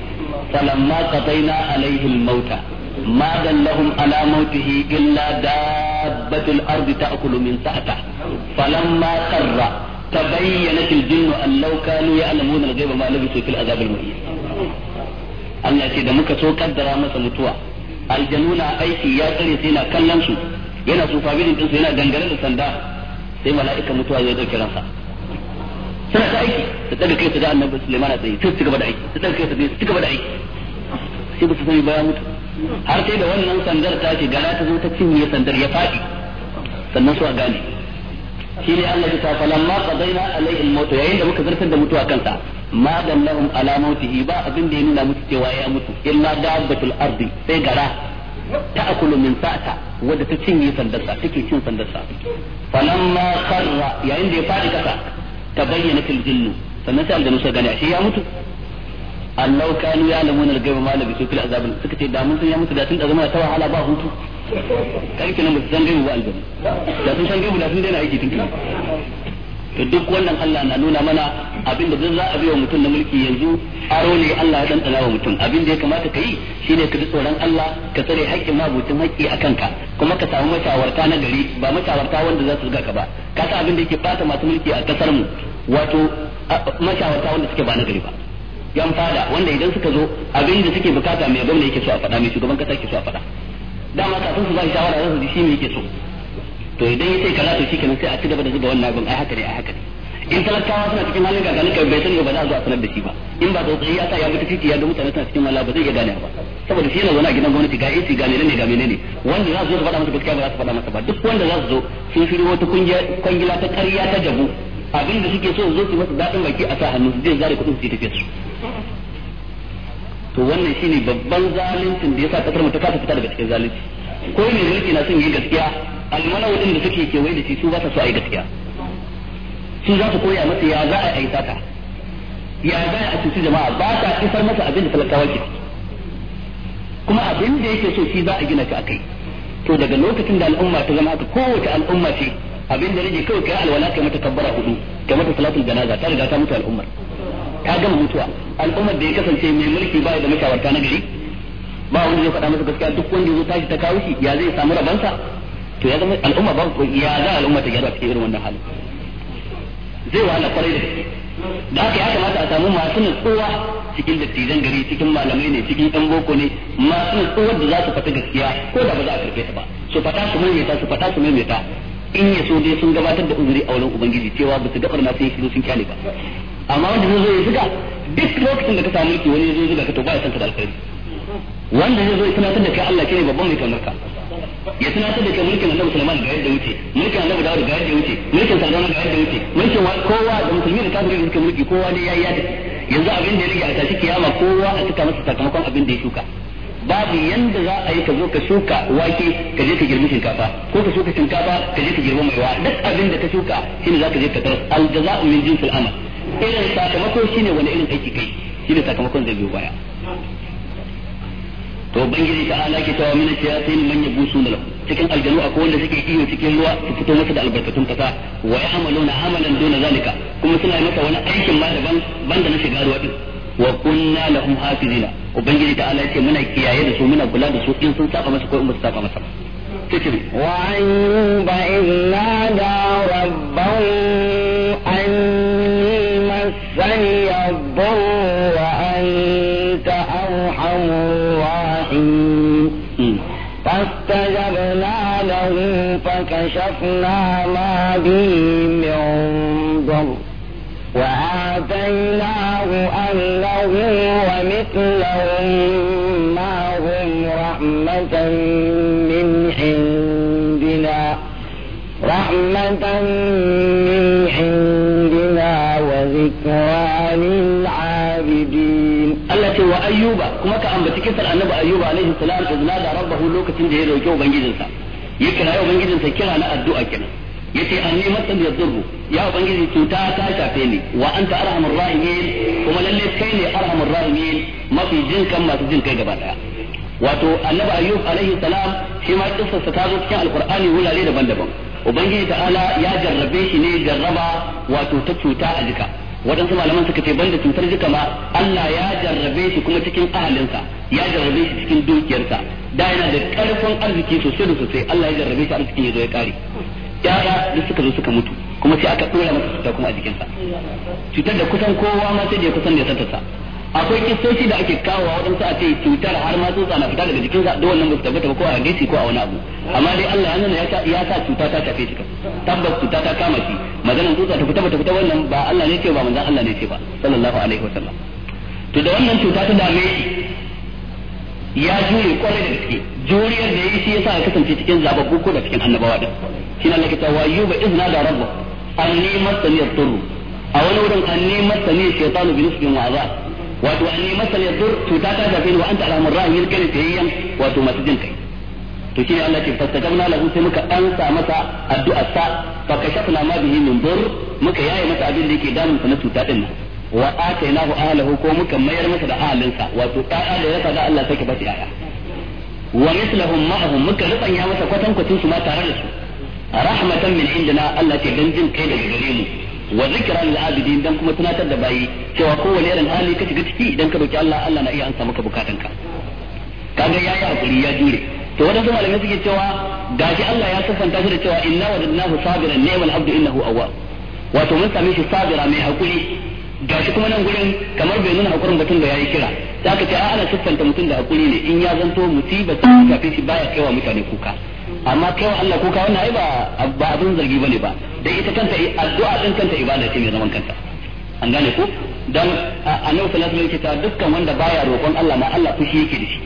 B: falamma qadaina alaihi mauta ما دل لهم على موته إلا دابة الأرض تأكل من سأته فلما قرّ تبينت الجن أن لو كانوا يعلمون الغيب ما لبثوا في العذاب المهين Allah ce da muka so kaddara masa mutuwa aljanu na aiki ya tsare sai na yana tsufa birin din yana dangane da sanda sai mala'ika mutuwa zai dauke ransa suna ta aiki su daga kai su ga annabi Sulaiman a tsaye sai su gaba da aiki su gaba da aiki baya mutu har sai da wannan sandar ta ce gara ta zo ta cinye sandar ya faɗi sannan su a gane Shi ne Allah ya ta falamma qadaina alaihi al-maut yayin da muka zartar da mutuwa kansa ma dan lahum ala mautihi ba abin da ya nuna musu cewa ya mutu illa dabbatul ardi sai gara ta'kulu min sa'ata wadda ta cinye sandarsa take cin sandarsa falamma kharra yayin da ya fadi kasa tabayyana fil jinnu sannan sai aljanu suka gane ashe ya mutu Allah kanu ya lamuna al-ghaiba ma labisu fil azab suka ce da mun san ya mutu da tun da zama ta wahala ba hutu kai kenan ba su san gaibu ba da sun san gaibu da sun daina aiki tun to duk wannan Allah na nuna mana abin da za a biya mutum na mulki yanzu aro ne Allah ya dan wa mutum abin da ya kamata ka yi shine ka ji tsoron Allah ka tsare haƙƙin mabutin haƙƙi a kanka kuma ka samu mashawarta na gari ba mashawarta wanda za su ga ka ba ka sa abin da yake fata masu mulki a kasar mu wato mashawarta wanda suke ba na gari ba yan fada wanda idan suka zo abin da suke bukata mai gwamna yake so a faɗa mai shugaban kasa yake so a faɗa dama kafin su ba shawara zan su shi ne yake so to idan ya ce kaza to shikenan sai a ci gaba da zuba wannan abin ai haka ne ai haka ne in talakawa suna cikin halin gagani kai bai sani ba za a zo a sanar da shi ba in ba tsautsayi ya sa ya mutu titi ya ga mutane suna cikin mala ba zai iya gane ba saboda shi yana zaune a gidan gwamnati ga AC ga menene ga menene wanda za su zo su faɗa masa gaskiya ba za su faɗa masa ba duk wanda za su zo sun shirya wata kwangila ta ƙarya ta jabu abin da suke so zo su masa daɗin baki a sa hannu su je zare kuɗin su tafiya su to wannan shine babban zaluncin da yasa kasar mu ta kasa fita daga cikin zalunci
C: ko ne mulki na son yi gaskiya
B: almana wadin da suke kewaye da shi su ba su a yi gaskiya su za su koya masa ya za a yi sata ya za a cuci jama'a ba ta isar masa abin da talakawa ke kuma abin da yake so shi za a gina shi kai to daga lokacin da al'umma ta zama haka kowace al'umma ce abin da rage kawai kai alwala kai mata tabbara hudu kai mata salatul janaza ta riga ta mutu al'ummar ta gama mutuwa al'ummar da ya kasance mai mulki ba da mashawarta na gari ba wani zai faɗa masa gaskiya duk wanda ya tashi ta kawo shi ya zai samu rabansa to ya zama al'umma ba ya za al'umma ta gyara cikin irin wannan hali zai wahala kwarai da gaske da haka ya kamata a samu masu nutsuwa cikin dattijan gari cikin malamai ne cikin ɗan boko ne masu nutsuwa da za su fata gaskiya ko da ba za a karɓe ta ba su fata su maimaita su fata su maimaita in ya so dai sun gabatar da uzuri a wurin ubangiji cewa ba su gabar na sun shiru sun kyale ba amma wanda zai zo ya zuga duk lokacin da ka samu mulki wani zai zuga ka to ba ya santa da alkhairi wanda zai zo ya tunatar da kai Allah kine babban mai kamarka ya tunatar da kai mulkin Annabi Sulaiman ga yadda wuce mulkin Annabi Dawud ga yadda wuce mulkin Sardana ga yadda wuce mulkin kowa da musulmi da kafiri da suke mulki kowa ne yayi yadda
A: yanzu abin da ya rige a tashi kiyama kowa a
B: cika masa sakamakon abin da ya shuka babu yanda za a yi ka zo ka shuka wake ka je ka girbi shinkafa ko ka shuka shinkafa ka je ka girbi maiwa duk abin da ka shuka shine za ka je ka taras al min jinsil amal irin sakamako shine wani irin aiki kai shine sakamakon zai biyo baya to bangiji ta ala ke tawa mina ta sai man yabu da cikin aljanu akwai wanda suke iyo cikin ruwa su fito masa da albarkatun kasa wa ya'maluna amalan duna zalika kuma suna masa wani aikin ma daban banda na shiga ruwa din wa kunna lahum hafizina ubangiji ta ala ce muna kiyaye da su muna kula da su in sun saba masa ko in ba saba masa
A: wa ayyuba illa da rabbahu فليضروا وأنت أرحم الراحمين فاستجبنا له فكشفنا ما به من ضر وآتيناه أهله ومثلهم معهم رحمة من عندنا رحمة من وعن العابدين
B: التي وأيوب كما كان بتكسر النبي أيوب عليه السلام إذ نادى ربه لوك تنجي يدعو كيو بنجيزنسا يكرا يو بنجيزنسا كرا لا الدعاء كنا yace anni masan ya zurbu ya ubangiji cuta ta shafe ni wa anta arhamur rahimin kuma lalle kai ne arhamur rahimin mafi jin kan masu jin kai gaba daya wato annabi ayyub alaihi salam shi ma kissarsa ta zo cikin alqur'ani wurare daban-daban ubangiji ta'ala ya jarrabe shi ne jarraba wato ta cuta a jika waɗansu malaman suka ce banda cutar jika ma Allah ya jarrabe shi kuma cikin ahalinsa ya jarrabe shi cikin dukiyarsa da yana da ƙarfin arziki sosai da sosai Allah ya jarrabe shi arzikin ya zo ya ƙare ya da suka zo suka mutu kuma sai aka ɗora masa cuta kuma a jikinsa cutar da kusan kowa ma sai da kusan da ya sa akwai kistoci da ake kawo waɗansu a ce cutar har ma tsotsa na fita daga jikinsa da wannan basu su tabbata ba ko a gaisi ko a wani abu amma dai Allah ya nuna ya sa cuta ta shafe shi tabbas cuta ta kama shi maganar tsutsa ta fita mata ta fita wannan ba Allah ne ce ba manzon Allah ne ce ba sallallahu alaihi wasallam to da wannan cuta ta dame shi ya jure kwarai da gaske juriyar da yake shi yasa ya kasance cikin zababbu ko da cikin annabawa din shi ne Allah ke cewa yuba izna da rabbu anni masani yadur a wani wurin anni masani shaytanu bi nisbin wa azab wato anni masani yadur cuta ta da wa anta alamur rahim kai tayyan wato masjidin kai to shi Allah ce fastajabna lahu sai muka ansa masa addu'ar sa fa kashafna ma bihi min dur muka yaye masa abin da yake damun sa na cuta din wa atainahu ahlahu ko muka mayar masa da ahalinsa wato ɗaya da ya da Allah sai ka bashi ɗaya wa mislahum ma'ahum muka rubanya masa kwatan kwatin su ma tare da su rahmatan min indina Allah ce dan jin kai daga gare mu wa zikra lil abidin dan kuma tunatar da bayi cewa kowane irin hali ka shiga ciki idan ka roki Allah Allah na iya ansa maka bukatanka kaga yayi hakuri ya jure to wadansu malamai suke cewa gashi Allah ya siffanta shi da cewa inna wajadnahu sabiran ni'mal abdu innahu awwab wato mun same shi sabira mai hakuri gashi kuma nan gurin kamar bai nuna hakurin batun da yayi kira da aka ce a ana siffanta mutum da hakuri ne in ya zanto musiba ta shafe shi baya kaiwa mutane kuka amma kaiwa Allah kuka wannan ai ba ba abin zargi bane ba da ita kanta addu'a din kanta ibada ce mai zaman kanta an gane ko dan annabi sallallahu alaihi wasallam yake ta dukkan wanda baya roƙon Allah ma Allah fushi yake da shi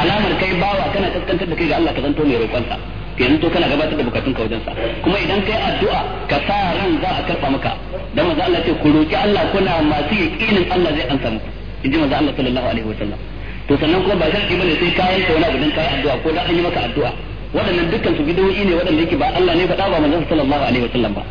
B: alamar kai bawa kana kaskantar da kai ga Allah ka zanto mai roƙonsa yanzu to kana gabatar da bukatun ka wajensa kuma idan kai addu'a ka sa ran za a karɓa maka dan manzo Allah ce ku roki Allah kuna masu yaqinin Allah zai ansa muku inji manzo Allah sallallahu alaihi wasallam to sannan kuma ba sharadi bane sai kayan ka wani abin kayan addu'a ko dan an yi maka addu'a waɗannan dukkan su bidoyi ne waɗanda yake ba Allah ne faɗa ba manzo sallallahu alaihi wasallam ba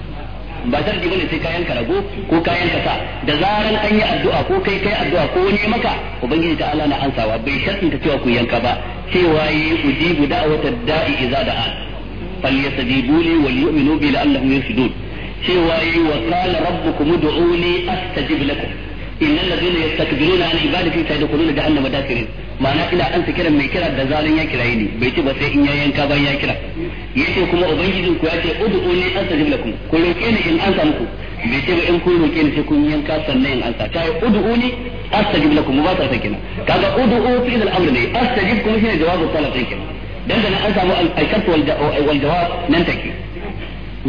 B: ba sharadi bane sai kayan ka rago ko kayan ka sa da zaran an yi addu'a ko kai kai addu'a ko wani maka ubangiji ta Allah na ansawa bai sharadin ta cewa ku yanka ba cewa yi ujibu da'wata da'i idza da'a falyastajibu li wal yu'minu bi la'allahum yarshudun cewa yi wa qala rabbukum ud'uni astajib lakum innal ladina yastakbiruna an ibadati sayadkhuluna jahannama dakhirin ma'ana ina an kira mai kira da zalin ya kira ni bai ci ba sai in ya yanka ban ya kira yace kuma ubangijin ku yace ud'uni astajib lakum ku roke ni in ansa muku bai ce ba in kun roke ni sai kun yanka sannan in ansa ta ud'uni astajib lakum ba ta kenan kaga ud'u fi al-amr ne astajib kuma shine jawabu talab kenan dan da an samu al-kasr wal jawab nan take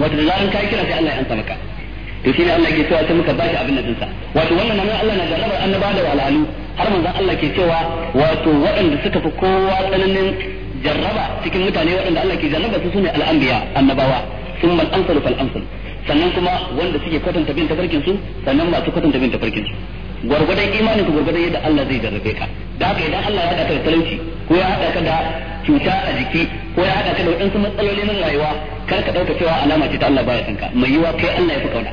B: wato da an kai kira sai Allah ya ansa maka to shine Allah ke cewa sai muka ba shi abin da dinsa wato wannan nan Allah na jarrabar annaba da walalu har manzon Allah ke cewa wato waɗanda suka fi kowa tsananin jarraba cikin mutane waɗanda Allah ke jarraba su sune al-anbiya annabawa thumma al-amsalu fal-amsal sannan kuma wanda suke kwatanta bin tafarkin su sannan masu kwatanta bin tafarkin su gwargwadon imanin ku gwargwadon yadda Allah zai jarrabe ka da haka idan Allah ya haɗa ka da talauci ko ya hada ka da cuta a jiki ko ya haɗa ka da waɗansu matsaloli na rayuwa kar ka ɗauka cewa alama ce ta Allah baya son ka mai yiwa kai Allah ya fi kauna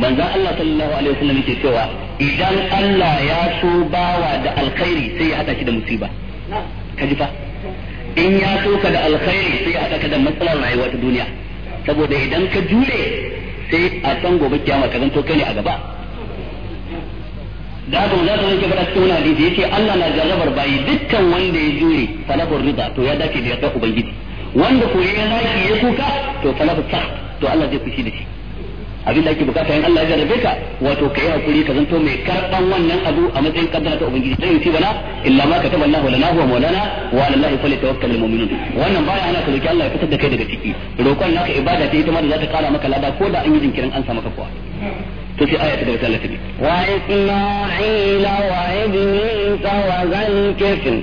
B: manzon Allah sallallahu alaihi wasallam yake cewa idan Allah ya so bawa da alkhairi sai ya haɗa shi da musiba ka ji fa in ya so ka da alkhairi sai ya haɗa ka da matsalar rayuwa ta duniya saboda idan ka jure sai a san gobe kiyama ka zanto kai ne a gaba
C: da haka maza wanke
B: ke faɗa cikin wani ya yace Allah na jarrabar bayi dukkan wanda ya jure falahur rida to ya dace da yarda ubangiji wanda ko ya zaki ya kuka to falahu ta to Allah zai fushi da shi abin da ake bukata in Allah ya jarrabe ka wato ka yi hakuri ka zanto mai karban wannan abu a matsayin kaddara ta ubangiji sai yuti bala illa ma kataba Allahu lana huwa maulana wa ala Allahi falyatawakkalul mu'minun wannan baya ana ka roki Allah ya fitar da kai daga ciki roƙon naka ibada ta ita ma da za ta kara maka lada ko da an yi jinkirin an sa maka kowa في آية تبقى إيه؟ دي
A: وإسماعيل وإبنيس وذا الكفل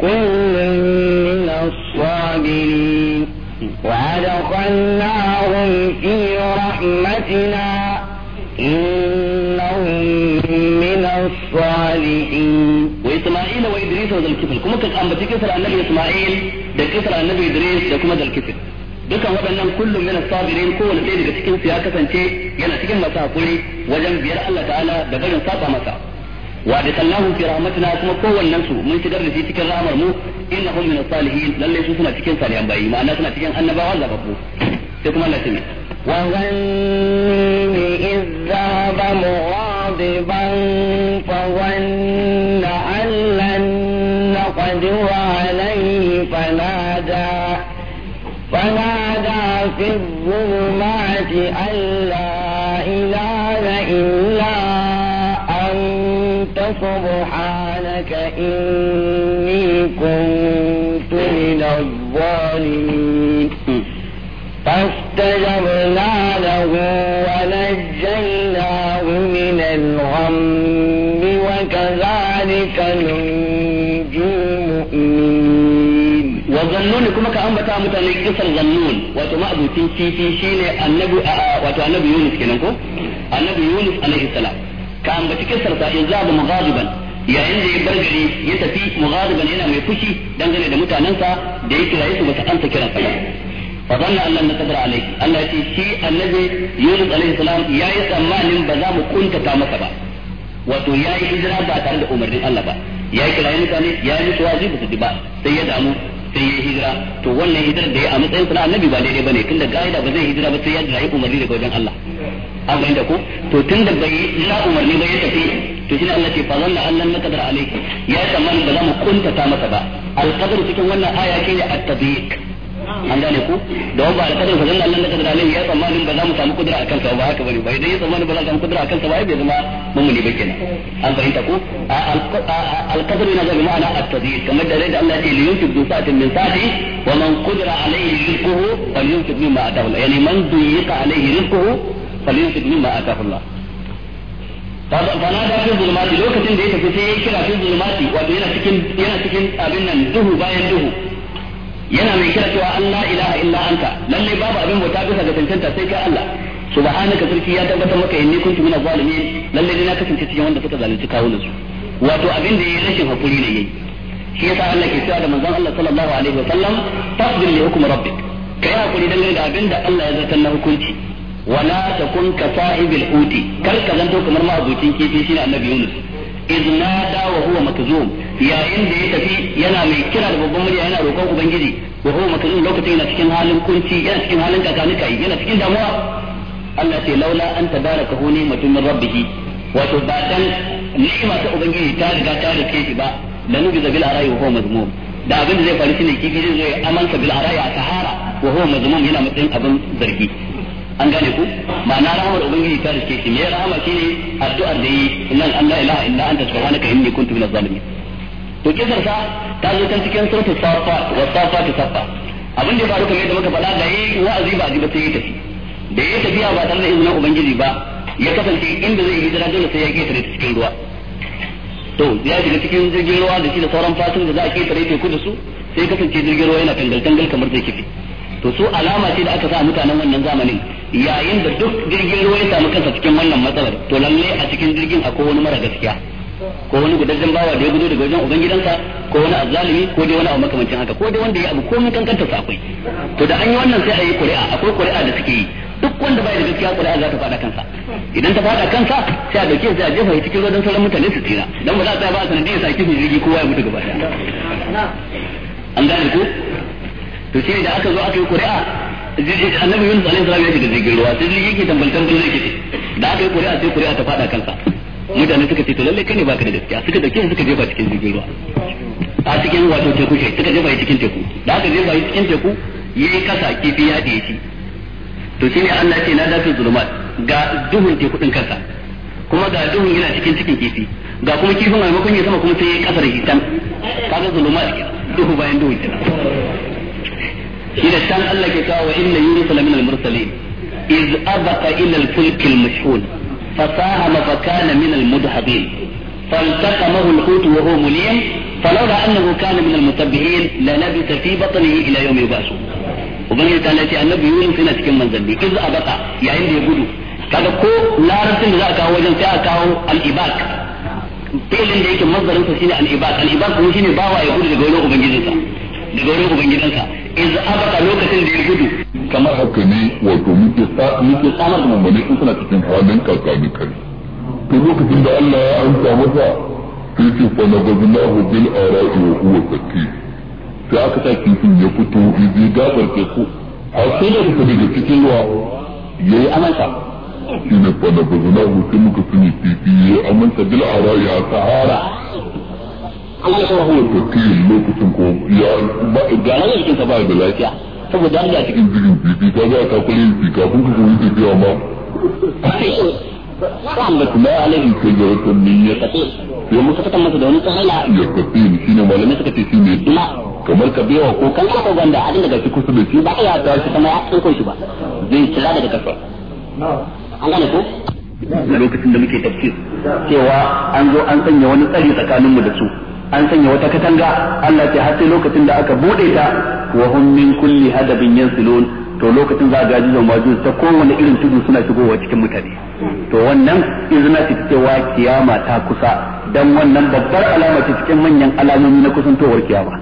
A: كل من الصابرين وأدخلناهم في رحمتنا
B: إنهم من الصالحين وإسماعيل وإدريس وذا الكفل كما كان أنبتي كفر النبي إسماعيل ده كفر النبي إدريس ده كما ذا الكفل dukan waɗannan kullum min as-sabirin kowanne ɗaya daga cikin su ya kasance yana cikin masu hakuri wajen biyar Allah ta'ala da barin saba masa wa da sallahu fi rahmatina kuma kowannen su mun shigar da shi cikin rahmar mu innahum min as-salihin lalle su suna cikin salihan bayi ma'ana suna cikin annabawa zababbu sai kuma Allah ya ce wa
A: zanni iz zaba إني كنت من الظالمين فاستجبنا له ونجيناه من الغم وكذلك ننجي المؤمنين وظنون كما كان بتا
B: متane kisan zannun wato ma'abucin kifi shine annabi wato annabi Yunus kenan ko annabi Yunus alaihi salam ka ambaci kisar sa in zaba yayin da ya bar gari ya tafi mughadiban yana mai fushi dangane da mutanensa da ya kiraye su ba ta amsa kiran sa ba فظن ان Allah ya ce shi annabi Yunus الذي يونس عليه tsammanin ba za mu kuntata masa ba. wato ya yi hijira ba tare da umarnin Allah ba ya yi kirayen mutane ya yi musu wazi ba su ba sai ya damu sai ya hijira to wannan hijirar da ya a matsayin suna annabi ba daidai bane tunda gaida ba zai hijira ba sai ya jira umarni daga wajen Allah an bayyana ko to tunda bai la umarni ba ya tafi to shi Allah ce fa zanna annan naqdar alayki ya kamar ba za mu kuntata masa ba alqadar cikin wannan aya ke ne at-tabiq
C: an gane ku da wanda alqadar fa zanna annan naqdar alayhi
B: ya tsammani ba za mu samu kudura akan sa ba haka bane ba idan ya tsammani ba za samu kudura akan sa ba bai zama mummuni ba kenan an fahimta ku alqadar yana da ma'ana at-tabiq kamar da da Allah ya ce li yunfiq bi sa'atin min sa'ati wa man qudira alayhi rizquhu falyunfiq mimma ataahu yani man duyyiqa alayhi rizquhu falyunfiq mimma ataahu Allah fana da fi zulmati lokacin da ya tafi sai ya kira fi zulmati wato yana cikin yana cikin abin nan duhu bayan duhu
A: yana mai kira cewa Allah ilaha illa anta
B: lalle babu abin bauta bisa ga tantanta sai kai Allah subhanaka sarki ya tabbatar maka inni kuntu min zalimin lalle ne na kasance cikin wanda suka zalunci kawunan su wato abin da yayi rashin hakuri ne yayi shi yasa Allah ke cewa da manzon Allah sallallahu alaihi wa sallam tasbir li hukm rabbik kai hakuri dangane da abin da Allah ya zartar na hukunci wala kun ka sahibil uti kar ka zanto kamar ma'abucin kifi shine annabi Yunus iz nada wa huwa makzum yayin da ya tafi yana mai kira da babban murya yana roƙon ubangiji wa huwa makzum lokacin yana cikin halin kunci yana cikin halin kakanika yana cikin damuwa Allah ce laula an tabarakahu ni'matun min rabbih wato ba dan nima ta ubangiji ta riga ta rike shi ba lanubi zabil arai wa huwa mazmum da abin da zai faru shine kifi zai zo ya bil arai a sahara wa huwa mazmum yana matsayin abin zargi an gane ku ma'ana rahamar ubangiji ta riske shi me rahama shine addu'ar da yi nan an la ilaha illa anta subhanaka inni kuntu minaz zalimin to kisar sa ta zo kan cikin suratul safat wa safat safa abin da ya faru kamar da muka faɗa da yi wa'azi ba ji ba sai ya tafi da ya tafiya ba tare da izinin ubangiji ba ya kasance inda zai yi hijira dole sai ya ketare ta cikin ruwa to ya shiga cikin jirgin ruwa da shi da sauran fasin da za a ketare teku da su sai kasance jirgin ruwa yana tangal tangal kamar zai kifi to su alama ce da aka sa mutanen wannan zamanin yayin da duk jirgin ruwa ya samu kansa cikin wannan matsalar to lalle a cikin jirgin akwai wani mara gaskiya ko wani gudajen bawa da ya gudu daga wajen ubangidansa ko wani azzalimi ko dai wani abu makamancin haka ko dai wanda ya abu komai kankanta sa akwai to da an yi wannan sai a yi ƙuri'a akwai ƙuri'a da suke yi duk wanda bai da gaskiya ƙuri'a za ta faɗa kansa idan ta faɗa kansa sai a dauke sai a jefa cikin ruwa don sauran mutane su tsira dan ba za a tsaya ba a sanadiyar sa kifin jirgi kowa ya mutu gaba ɗaya an gane ku to shi da aka zo aka yi ƙuri'a annabi Yunus alaihi salam ya shiga jirgin ruwa sai jirgin ke tambaltar ko zai da aka yi kuri'a sai kuri'a ta fada kansa mutane suka ce to lalle kai ne baka da gaskiya suka dauke shi suka jefa cikin jirgin ruwa a cikin wato teku shi suka jefa shi cikin teku da aka jefa shi cikin teku yayi kasa kifi ya dade shi to shine Allah ce na dafi zulumat ga duhun teku din kansa kuma ga duhun yana cikin cikin kifi ga kuma kifin maimakon ya sama kuma sai ya kasar shi can kaga zulumat duhu bayan duhu kenan إذا كان قال لك إن يونس لمن المرسلين إذ أبق إلى الفلك المشحون فساهم فكان من المدهبين فالتقمه الحوت وهو مليم فلولا أنه كان من المتبهين لنبت في بطنه إلى يوم يبعثون وبن يتعالى أن النبي يونس إن أتكم من ذنبي إذ أبق يعني يقولوا كذا كو لا رسم ذا كاو جنتا كاو الإباك فعلا ده يكون مصدر انت سيني الإباك الإباك هو سيني باوا يقول لغولوه بنجيزيسا daga wurin ubangidansa iz abaka lokacin da ya gudu kamar haka ne wato muke muke samar da mamane sun suna cikin kaka ne kai to lokacin da Allah ya amsa masa sai ce fa na gaznahu bil ara'i wa huwa saki sai aka sa kifin ya fito ya je gabar teku har sai da suka daga cikin ruwa yayi amansa shi ne fa na gaznahu sai muka sani fifi ya amansa bil ara'i a sahara Allah sai huwa wakil lokacin ko ya ga nan cikin ka ba da lafiya saboda Allah cikin jirgin bibi ka ga ka kula bibi ka kun ku yi bibi amma Allah kuma ke alaihi kajratun niyyati ya mutaka masa da wani tsahala ya kafi shine malamai suka ce shine dula kamar ka bewa ko kan ko banda a daga cikin kusa da shi ba ya ta shi kuma ya tsoko shi ba zai kira daga kafa an gane ko lokacin da muke tafsir cewa an zo an sanya wani tsari tsakaninmu da su an sanya wata katanga Allah ce har sai lokacin da aka bude ta wa hum min kulli hadabin yansilun to lokacin za ga da majus ta kowane irin tudu suna shigowa cikin mutane to wannan izina ce cewa kiyama ta kusa dan wannan babbar alama ce cikin manyan alamomi na kusantowar kiyama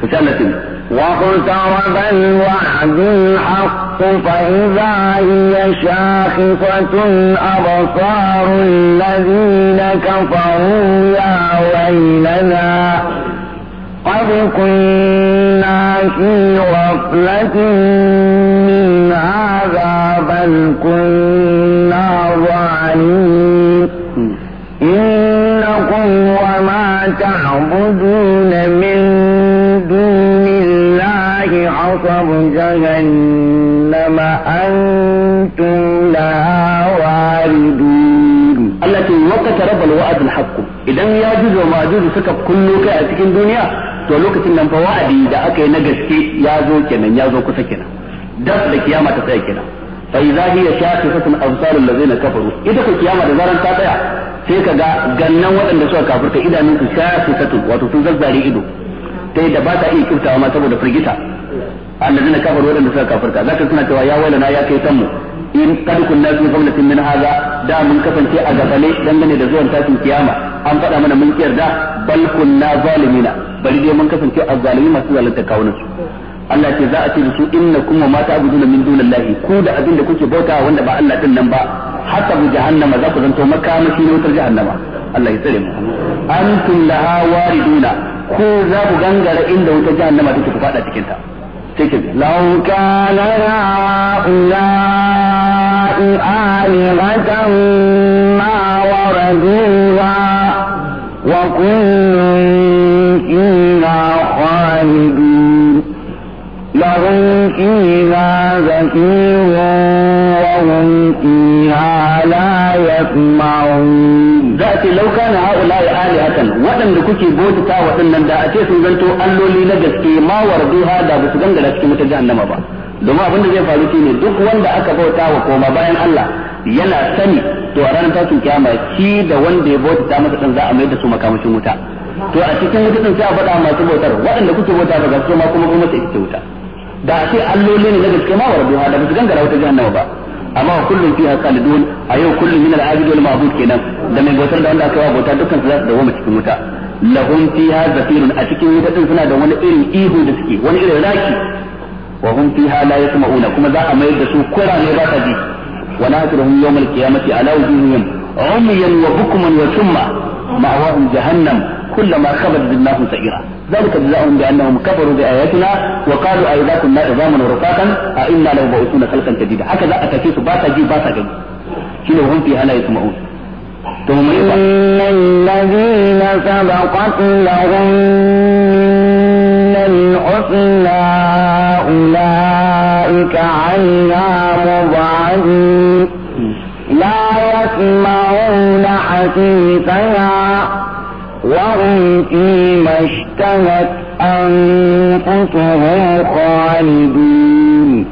B: to sai Allah واقترب
A: الوعد الحق فإذا هي شاخصة أبصار الذين كفروا يا ويلنا قد كنا في غفلة من هذا بل كنا ظالمين إنكم وما تعبدون من نار جهنم أنتم لها
B: wa'azin التي idan ya الوعد الحق إذا ياجوز وماجوز سكب كل كأتك to lokacin nan fa wa'adi da aka yi na gaske ya zo kenan ya zo kusa kenan das da kiyama ta tsaya kenan fa idza hiya shafifatun absarul ladzina kafaru ita ko kiyama da zaran ta tsaya sai ka ga gannan waɗanda suka kafirta idanun su shafifatun wato sun zazzare ido ta da ba ta iya kirtawa ma saboda firgita allazina kafaru wadanda suka kafirta zaka suna cewa ya wailana ya kai kanmu in kad kunna fi qablatin min hadha da mun kasance a gabale dangane da zuwan tashin kiyama an faɗa mana mun kiyarda bal kunna zalimina bari dai mun kasance azzalimi masu zalunta Allah ce za a ce da su innakum wa ma ta'buduna min dunillahi ku da abin da kuke bauta wanda ba Allah din nan ba hatta bu jahannama za ku zanto makamashi na wutar jahannama Allah ya tsare ku za ku gangara inda wutar jahannama take ku fada cikin لو كان هؤلاء
A: آلهة ما وردوها وكل فيها خالدون لهم فيها زفير وهم
B: فيها لا يسمعون za a ce lauka na haula ya ali hakan waɗanda kuke bautuka waɗannan da a ce sun zanto alloli na gaske ma ha da ba su gangara cikin wutar jahannama ba domin abin da zai faru shine duk wanda aka bauta wa koma bayan Allah yana sani to a ranar tashin kiyama shi da wanda ya bauta masa din za a mai da su makamashin wuta to a cikin wuta din sai a faɗa masu bautar waɗanda kuke bauta ba gaske ma kuma kuma sai ita wuta da a ce alloli ne na gaske ma ha da ba su gangara wutar jahannama ba amma wa kullum fiha khalidun a yau kullum min al-abid wal ma'bud kenan da mai bautar da wanda aka wa bauta dukkan su za su dawo dawoma cikin wuta lahum fiha zafirun a cikin wuta din suna da wani irin ihu da suke wani irin raki wa hum fiha la yasma'una kuma za a mayar da su kurane ba ta ji wa nahsuruhum yawm al-qiyamati ala wujuhihim umyan wa bukman wa summa ma'awahum jahannam كلما خبر زدناهم سعيرا ذلك جزاؤهم بأنهم كفروا بآياتنا وقالوا أيضا كنا عظاما ورفاقا أئنا لو بعثونا خلقا جديدا هكذا أتكيس باسا جي باسا جي شنو هم فيها لا يسمعون
A: إن الذين سبقت لهم من الحسنى أولئك عنا مبعدين لا يسمعون حديثها وهم فيما اشتهت أنفسهم خالدين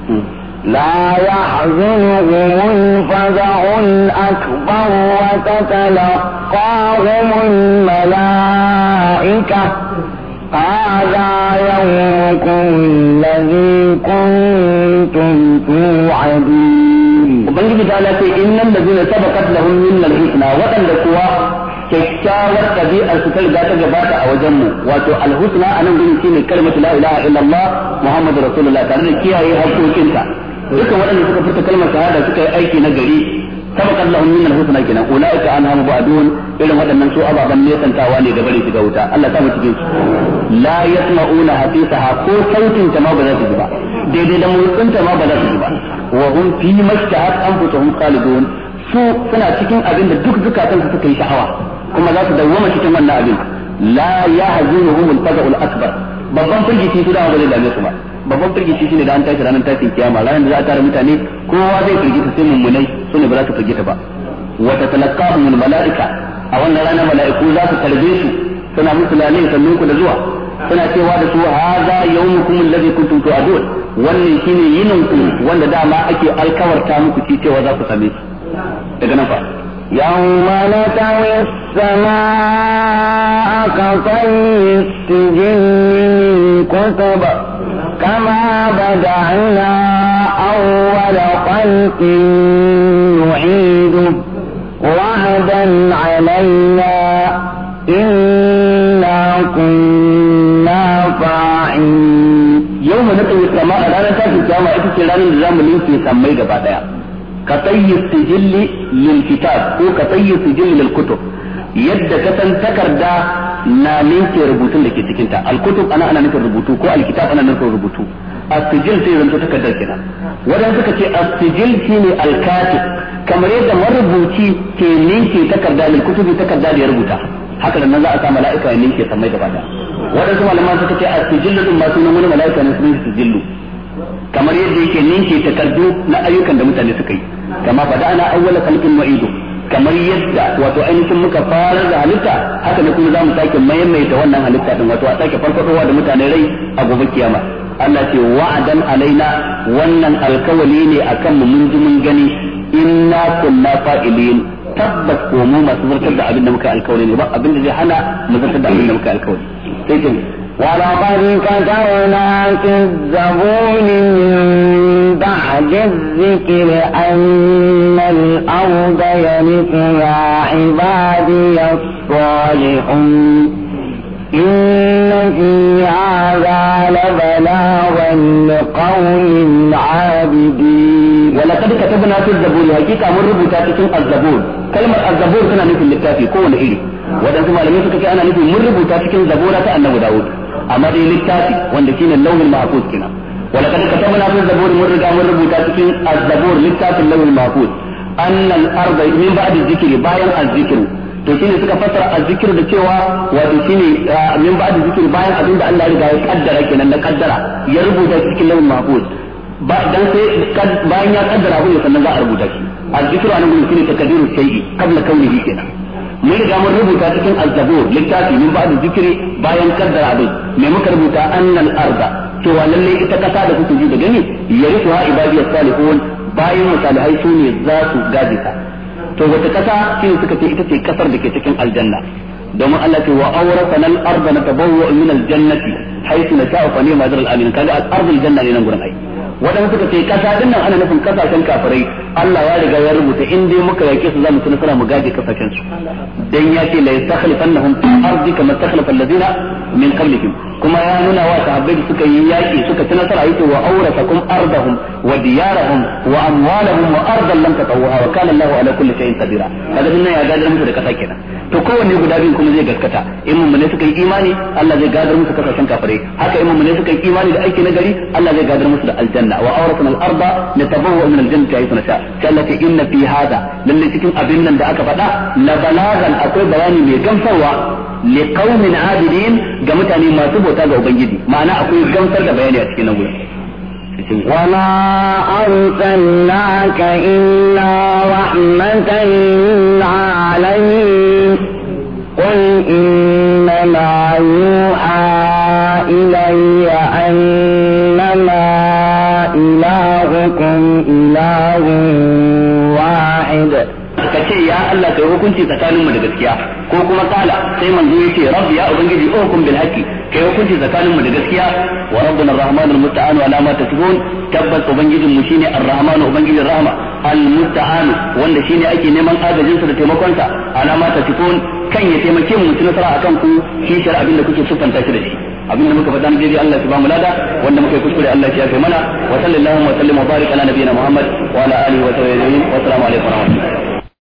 A: لا يحزنهم الفزع الأكبر وتتلقاهم الملائكة هذا يومكم الذي كنتم توعدون وبنجد تعالى إن
B: الذين سبقت لهم من الحسنى وأن القوى kyakkyawar ɗabi'ar su ta riga ta gabata a wajen mu wato alhusna anan gurin shine kalmatu la ilaha illallah muhammadu rasulullah tare da kiyaye hakkokinta dukkan waɗanda suka furta kalmar shahada suka yi aiki na gari سبق لهم من الحسنى an اولئك عنها مبعدون irin waɗannan su ababan nesantawa ne da bari shiga wuta Allah ta mutu su la yasma'una hafisaha ko sautin ta ma ba za su ji ba daidai da mutsun ta ma ba za su ji ba wa hum fi mashtahat anfusuhum khalidun su suna cikin abin da duk zukatan su suka yi sha'awa kuma za su dawwama cikin wannan abin la ya yahzunuhum al-faza'ul akbar babban firgici su da ba zai dame su ba babban firgici shine da an tashi ranar tashin kiyama ranar da za a tara mutane kowa zai firgita sai mummunai su ne ba za su firgita ba wa tatalaqahum min malaika a wannan ranar mala'iku za su tarbe su suna musu lalai sannun ku da zuwa suna cewa da su hadha yawmukum alladhi kuntum tu'adun wannan shine yinin ku wanda dama ake alkawarta muku ci cewa za ku same shi daga nan fa يوم نتوي
A: السماء كطي السجن للكتب كما بدعنا أول خلق نعيد وعدا علينا إنا كنا فاعلين يوم نتوي السماء لا نتوي السماء إتسلال
B: الزمن في سمي بعدها Ka كطي السجل للكتاب هو كطي السجل للكتب yadda ka san takarda na ninke rubutun da ke cikinta alkutub ana ana nufin rubutu ko alkitab ana nufin rubutu asijil sai zanto takardar kenan wadanda suka ce asijil shine alkatib kamar yadda marubuci ke ninke takarda lil kutubi takarda da ya rubuta haka nan za a sa mala'ika ya ninke sammai gaba da wadansu malaman suka ce asijillu din ba sunan wani mala'ika ne sunan sijillu kamar yadda yake ninke takardu na ayyukan da mutane suka yi kama bada'na awwala khalqin nu'idu kamar yadda wato ainihin muka fara da halitta haka ne kuma zamu sake maimaita wannan halitta din wato a sake farfadowa da mutane rai a gobe kiyama Allah ce wa'adan alaina wannan alkawali ne akan mu mun ji mun gani inna kunna fa'ilin tabbas ko mu masu zartar da abin da muka alkawari ne ba abin da zai hana mu zartar da abin da muka alkawari sai ولقد
A: كتبنا في الزبون من بعد الذكر أن الأرض يرثها عبادي الصالحون إن في هذا لبلاغا
B: لقوم عابدين ولقد كتبنا في الزبون حقيقة من اسم الزبون كلمة الزبون كنا نفي اللتافي كون إيه wadansu malamai suka ce أنا nufin mun rubuta cikin zabura ta داود a dai littafi wanda shine lauhin mahfuz kenan ولقد كتبنا mun الزبور من رجع من رجع تكين الزبور لكتاب اللوح المحفوظ أن الأرض من بعد bayan باين zikr to shine suka fassara az-zikr da cewa wato shine ah, min ba'd zikir bayan abin da Allah ya riga ya kaddara kenan da kaddara ya rubuta cikin lawul mahfuz ba dan sai bayan ya kaddara abin sannan za a rubuta shi azzikiru anan gurin shine takdiru shay'i qabla kaunihi kenan mun riga mun rubuta cikin al-zabur littafi mun ba'da zikiri bayan kaddara abin me muka rubuta annal arda to lalle ita kasa da kuke ji da gani yarithuha ibadiyas salihun bayan salihai su ne za su gaji ta to wata kasa shi suka ce ita ce kasar da ke cikin aljanna domin Allah ce wa awrasana al-arda natabawwa min al-jannati haythu nasha'u fa ni'ma ajrul amin kaga al-ardu al-janna ne nan gurin ai wadanda suka ce kasa din nan ana nufin kasashen kafirai Allah ya riga ya rubuta in dai muka yake su zamu tunasara mu gaje kasashen su dan ya ce la yastakhlifannahum fil ardi kama istakhlafa alladhina min qablihim kuma ya nuna wa sahabbai da suka yi yaki suka ci nasara yake wa awrasakum ardahum wa diyarahum wa amwalahum wa ardan lam tatawwa wa kana Allahu ala kulli shay'in qadira kaga dinnan ya gadar musu da kasa kenan to kowanne guda biyu kuma zai gaskata in mummune suka yi imani Allah zai gadar musu kasashen kafare haka in mummune suka yi imani da aiki na gari Allah zai gadar musu da aljanna wa awrasna al-arda natabawwa min al-jannati haythu nasha sallati inna fi hada lalle cikin abin nan da aka faɗa la balagan akwai bayani mai gamsarwa li qaumin abidin ga mutane masu bauta ga ubangiji ma'ana akwai gamsar da bayani a cikin nan gurin وما أرسلناك إلا
A: رحمة للعالمين قل إنما يوحى إلي أن إلهكم إله واحد
B: ka ce ya Allah kai hukunci tsakanin mu da gaskiya ko kuma kala sai manzo yace rabbi ya ubangiji hukum bil haqqi kai hukunci tsakanin mu da gaskiya wa rabbuna arrahman almusta'an wa la ma tasbun tabbas ubangijin mu shine arrahman ubangijin rahma almusta'an wanda shine ake neman agajin sa da taimakon sa alama tasbun kan ya taimake mu mutuna sara akan ku shi shar abin da kuke sufanta shi da shi abinda muka faɗa na daidai Allah ya ba mu lada wanda muka yi kuskure Allah ya kai mana wa sallallahu wa sallam wa barik ala nabiyina Muhammad wa ala alihi wa sahbihi wa alaikum wa rahmatullahi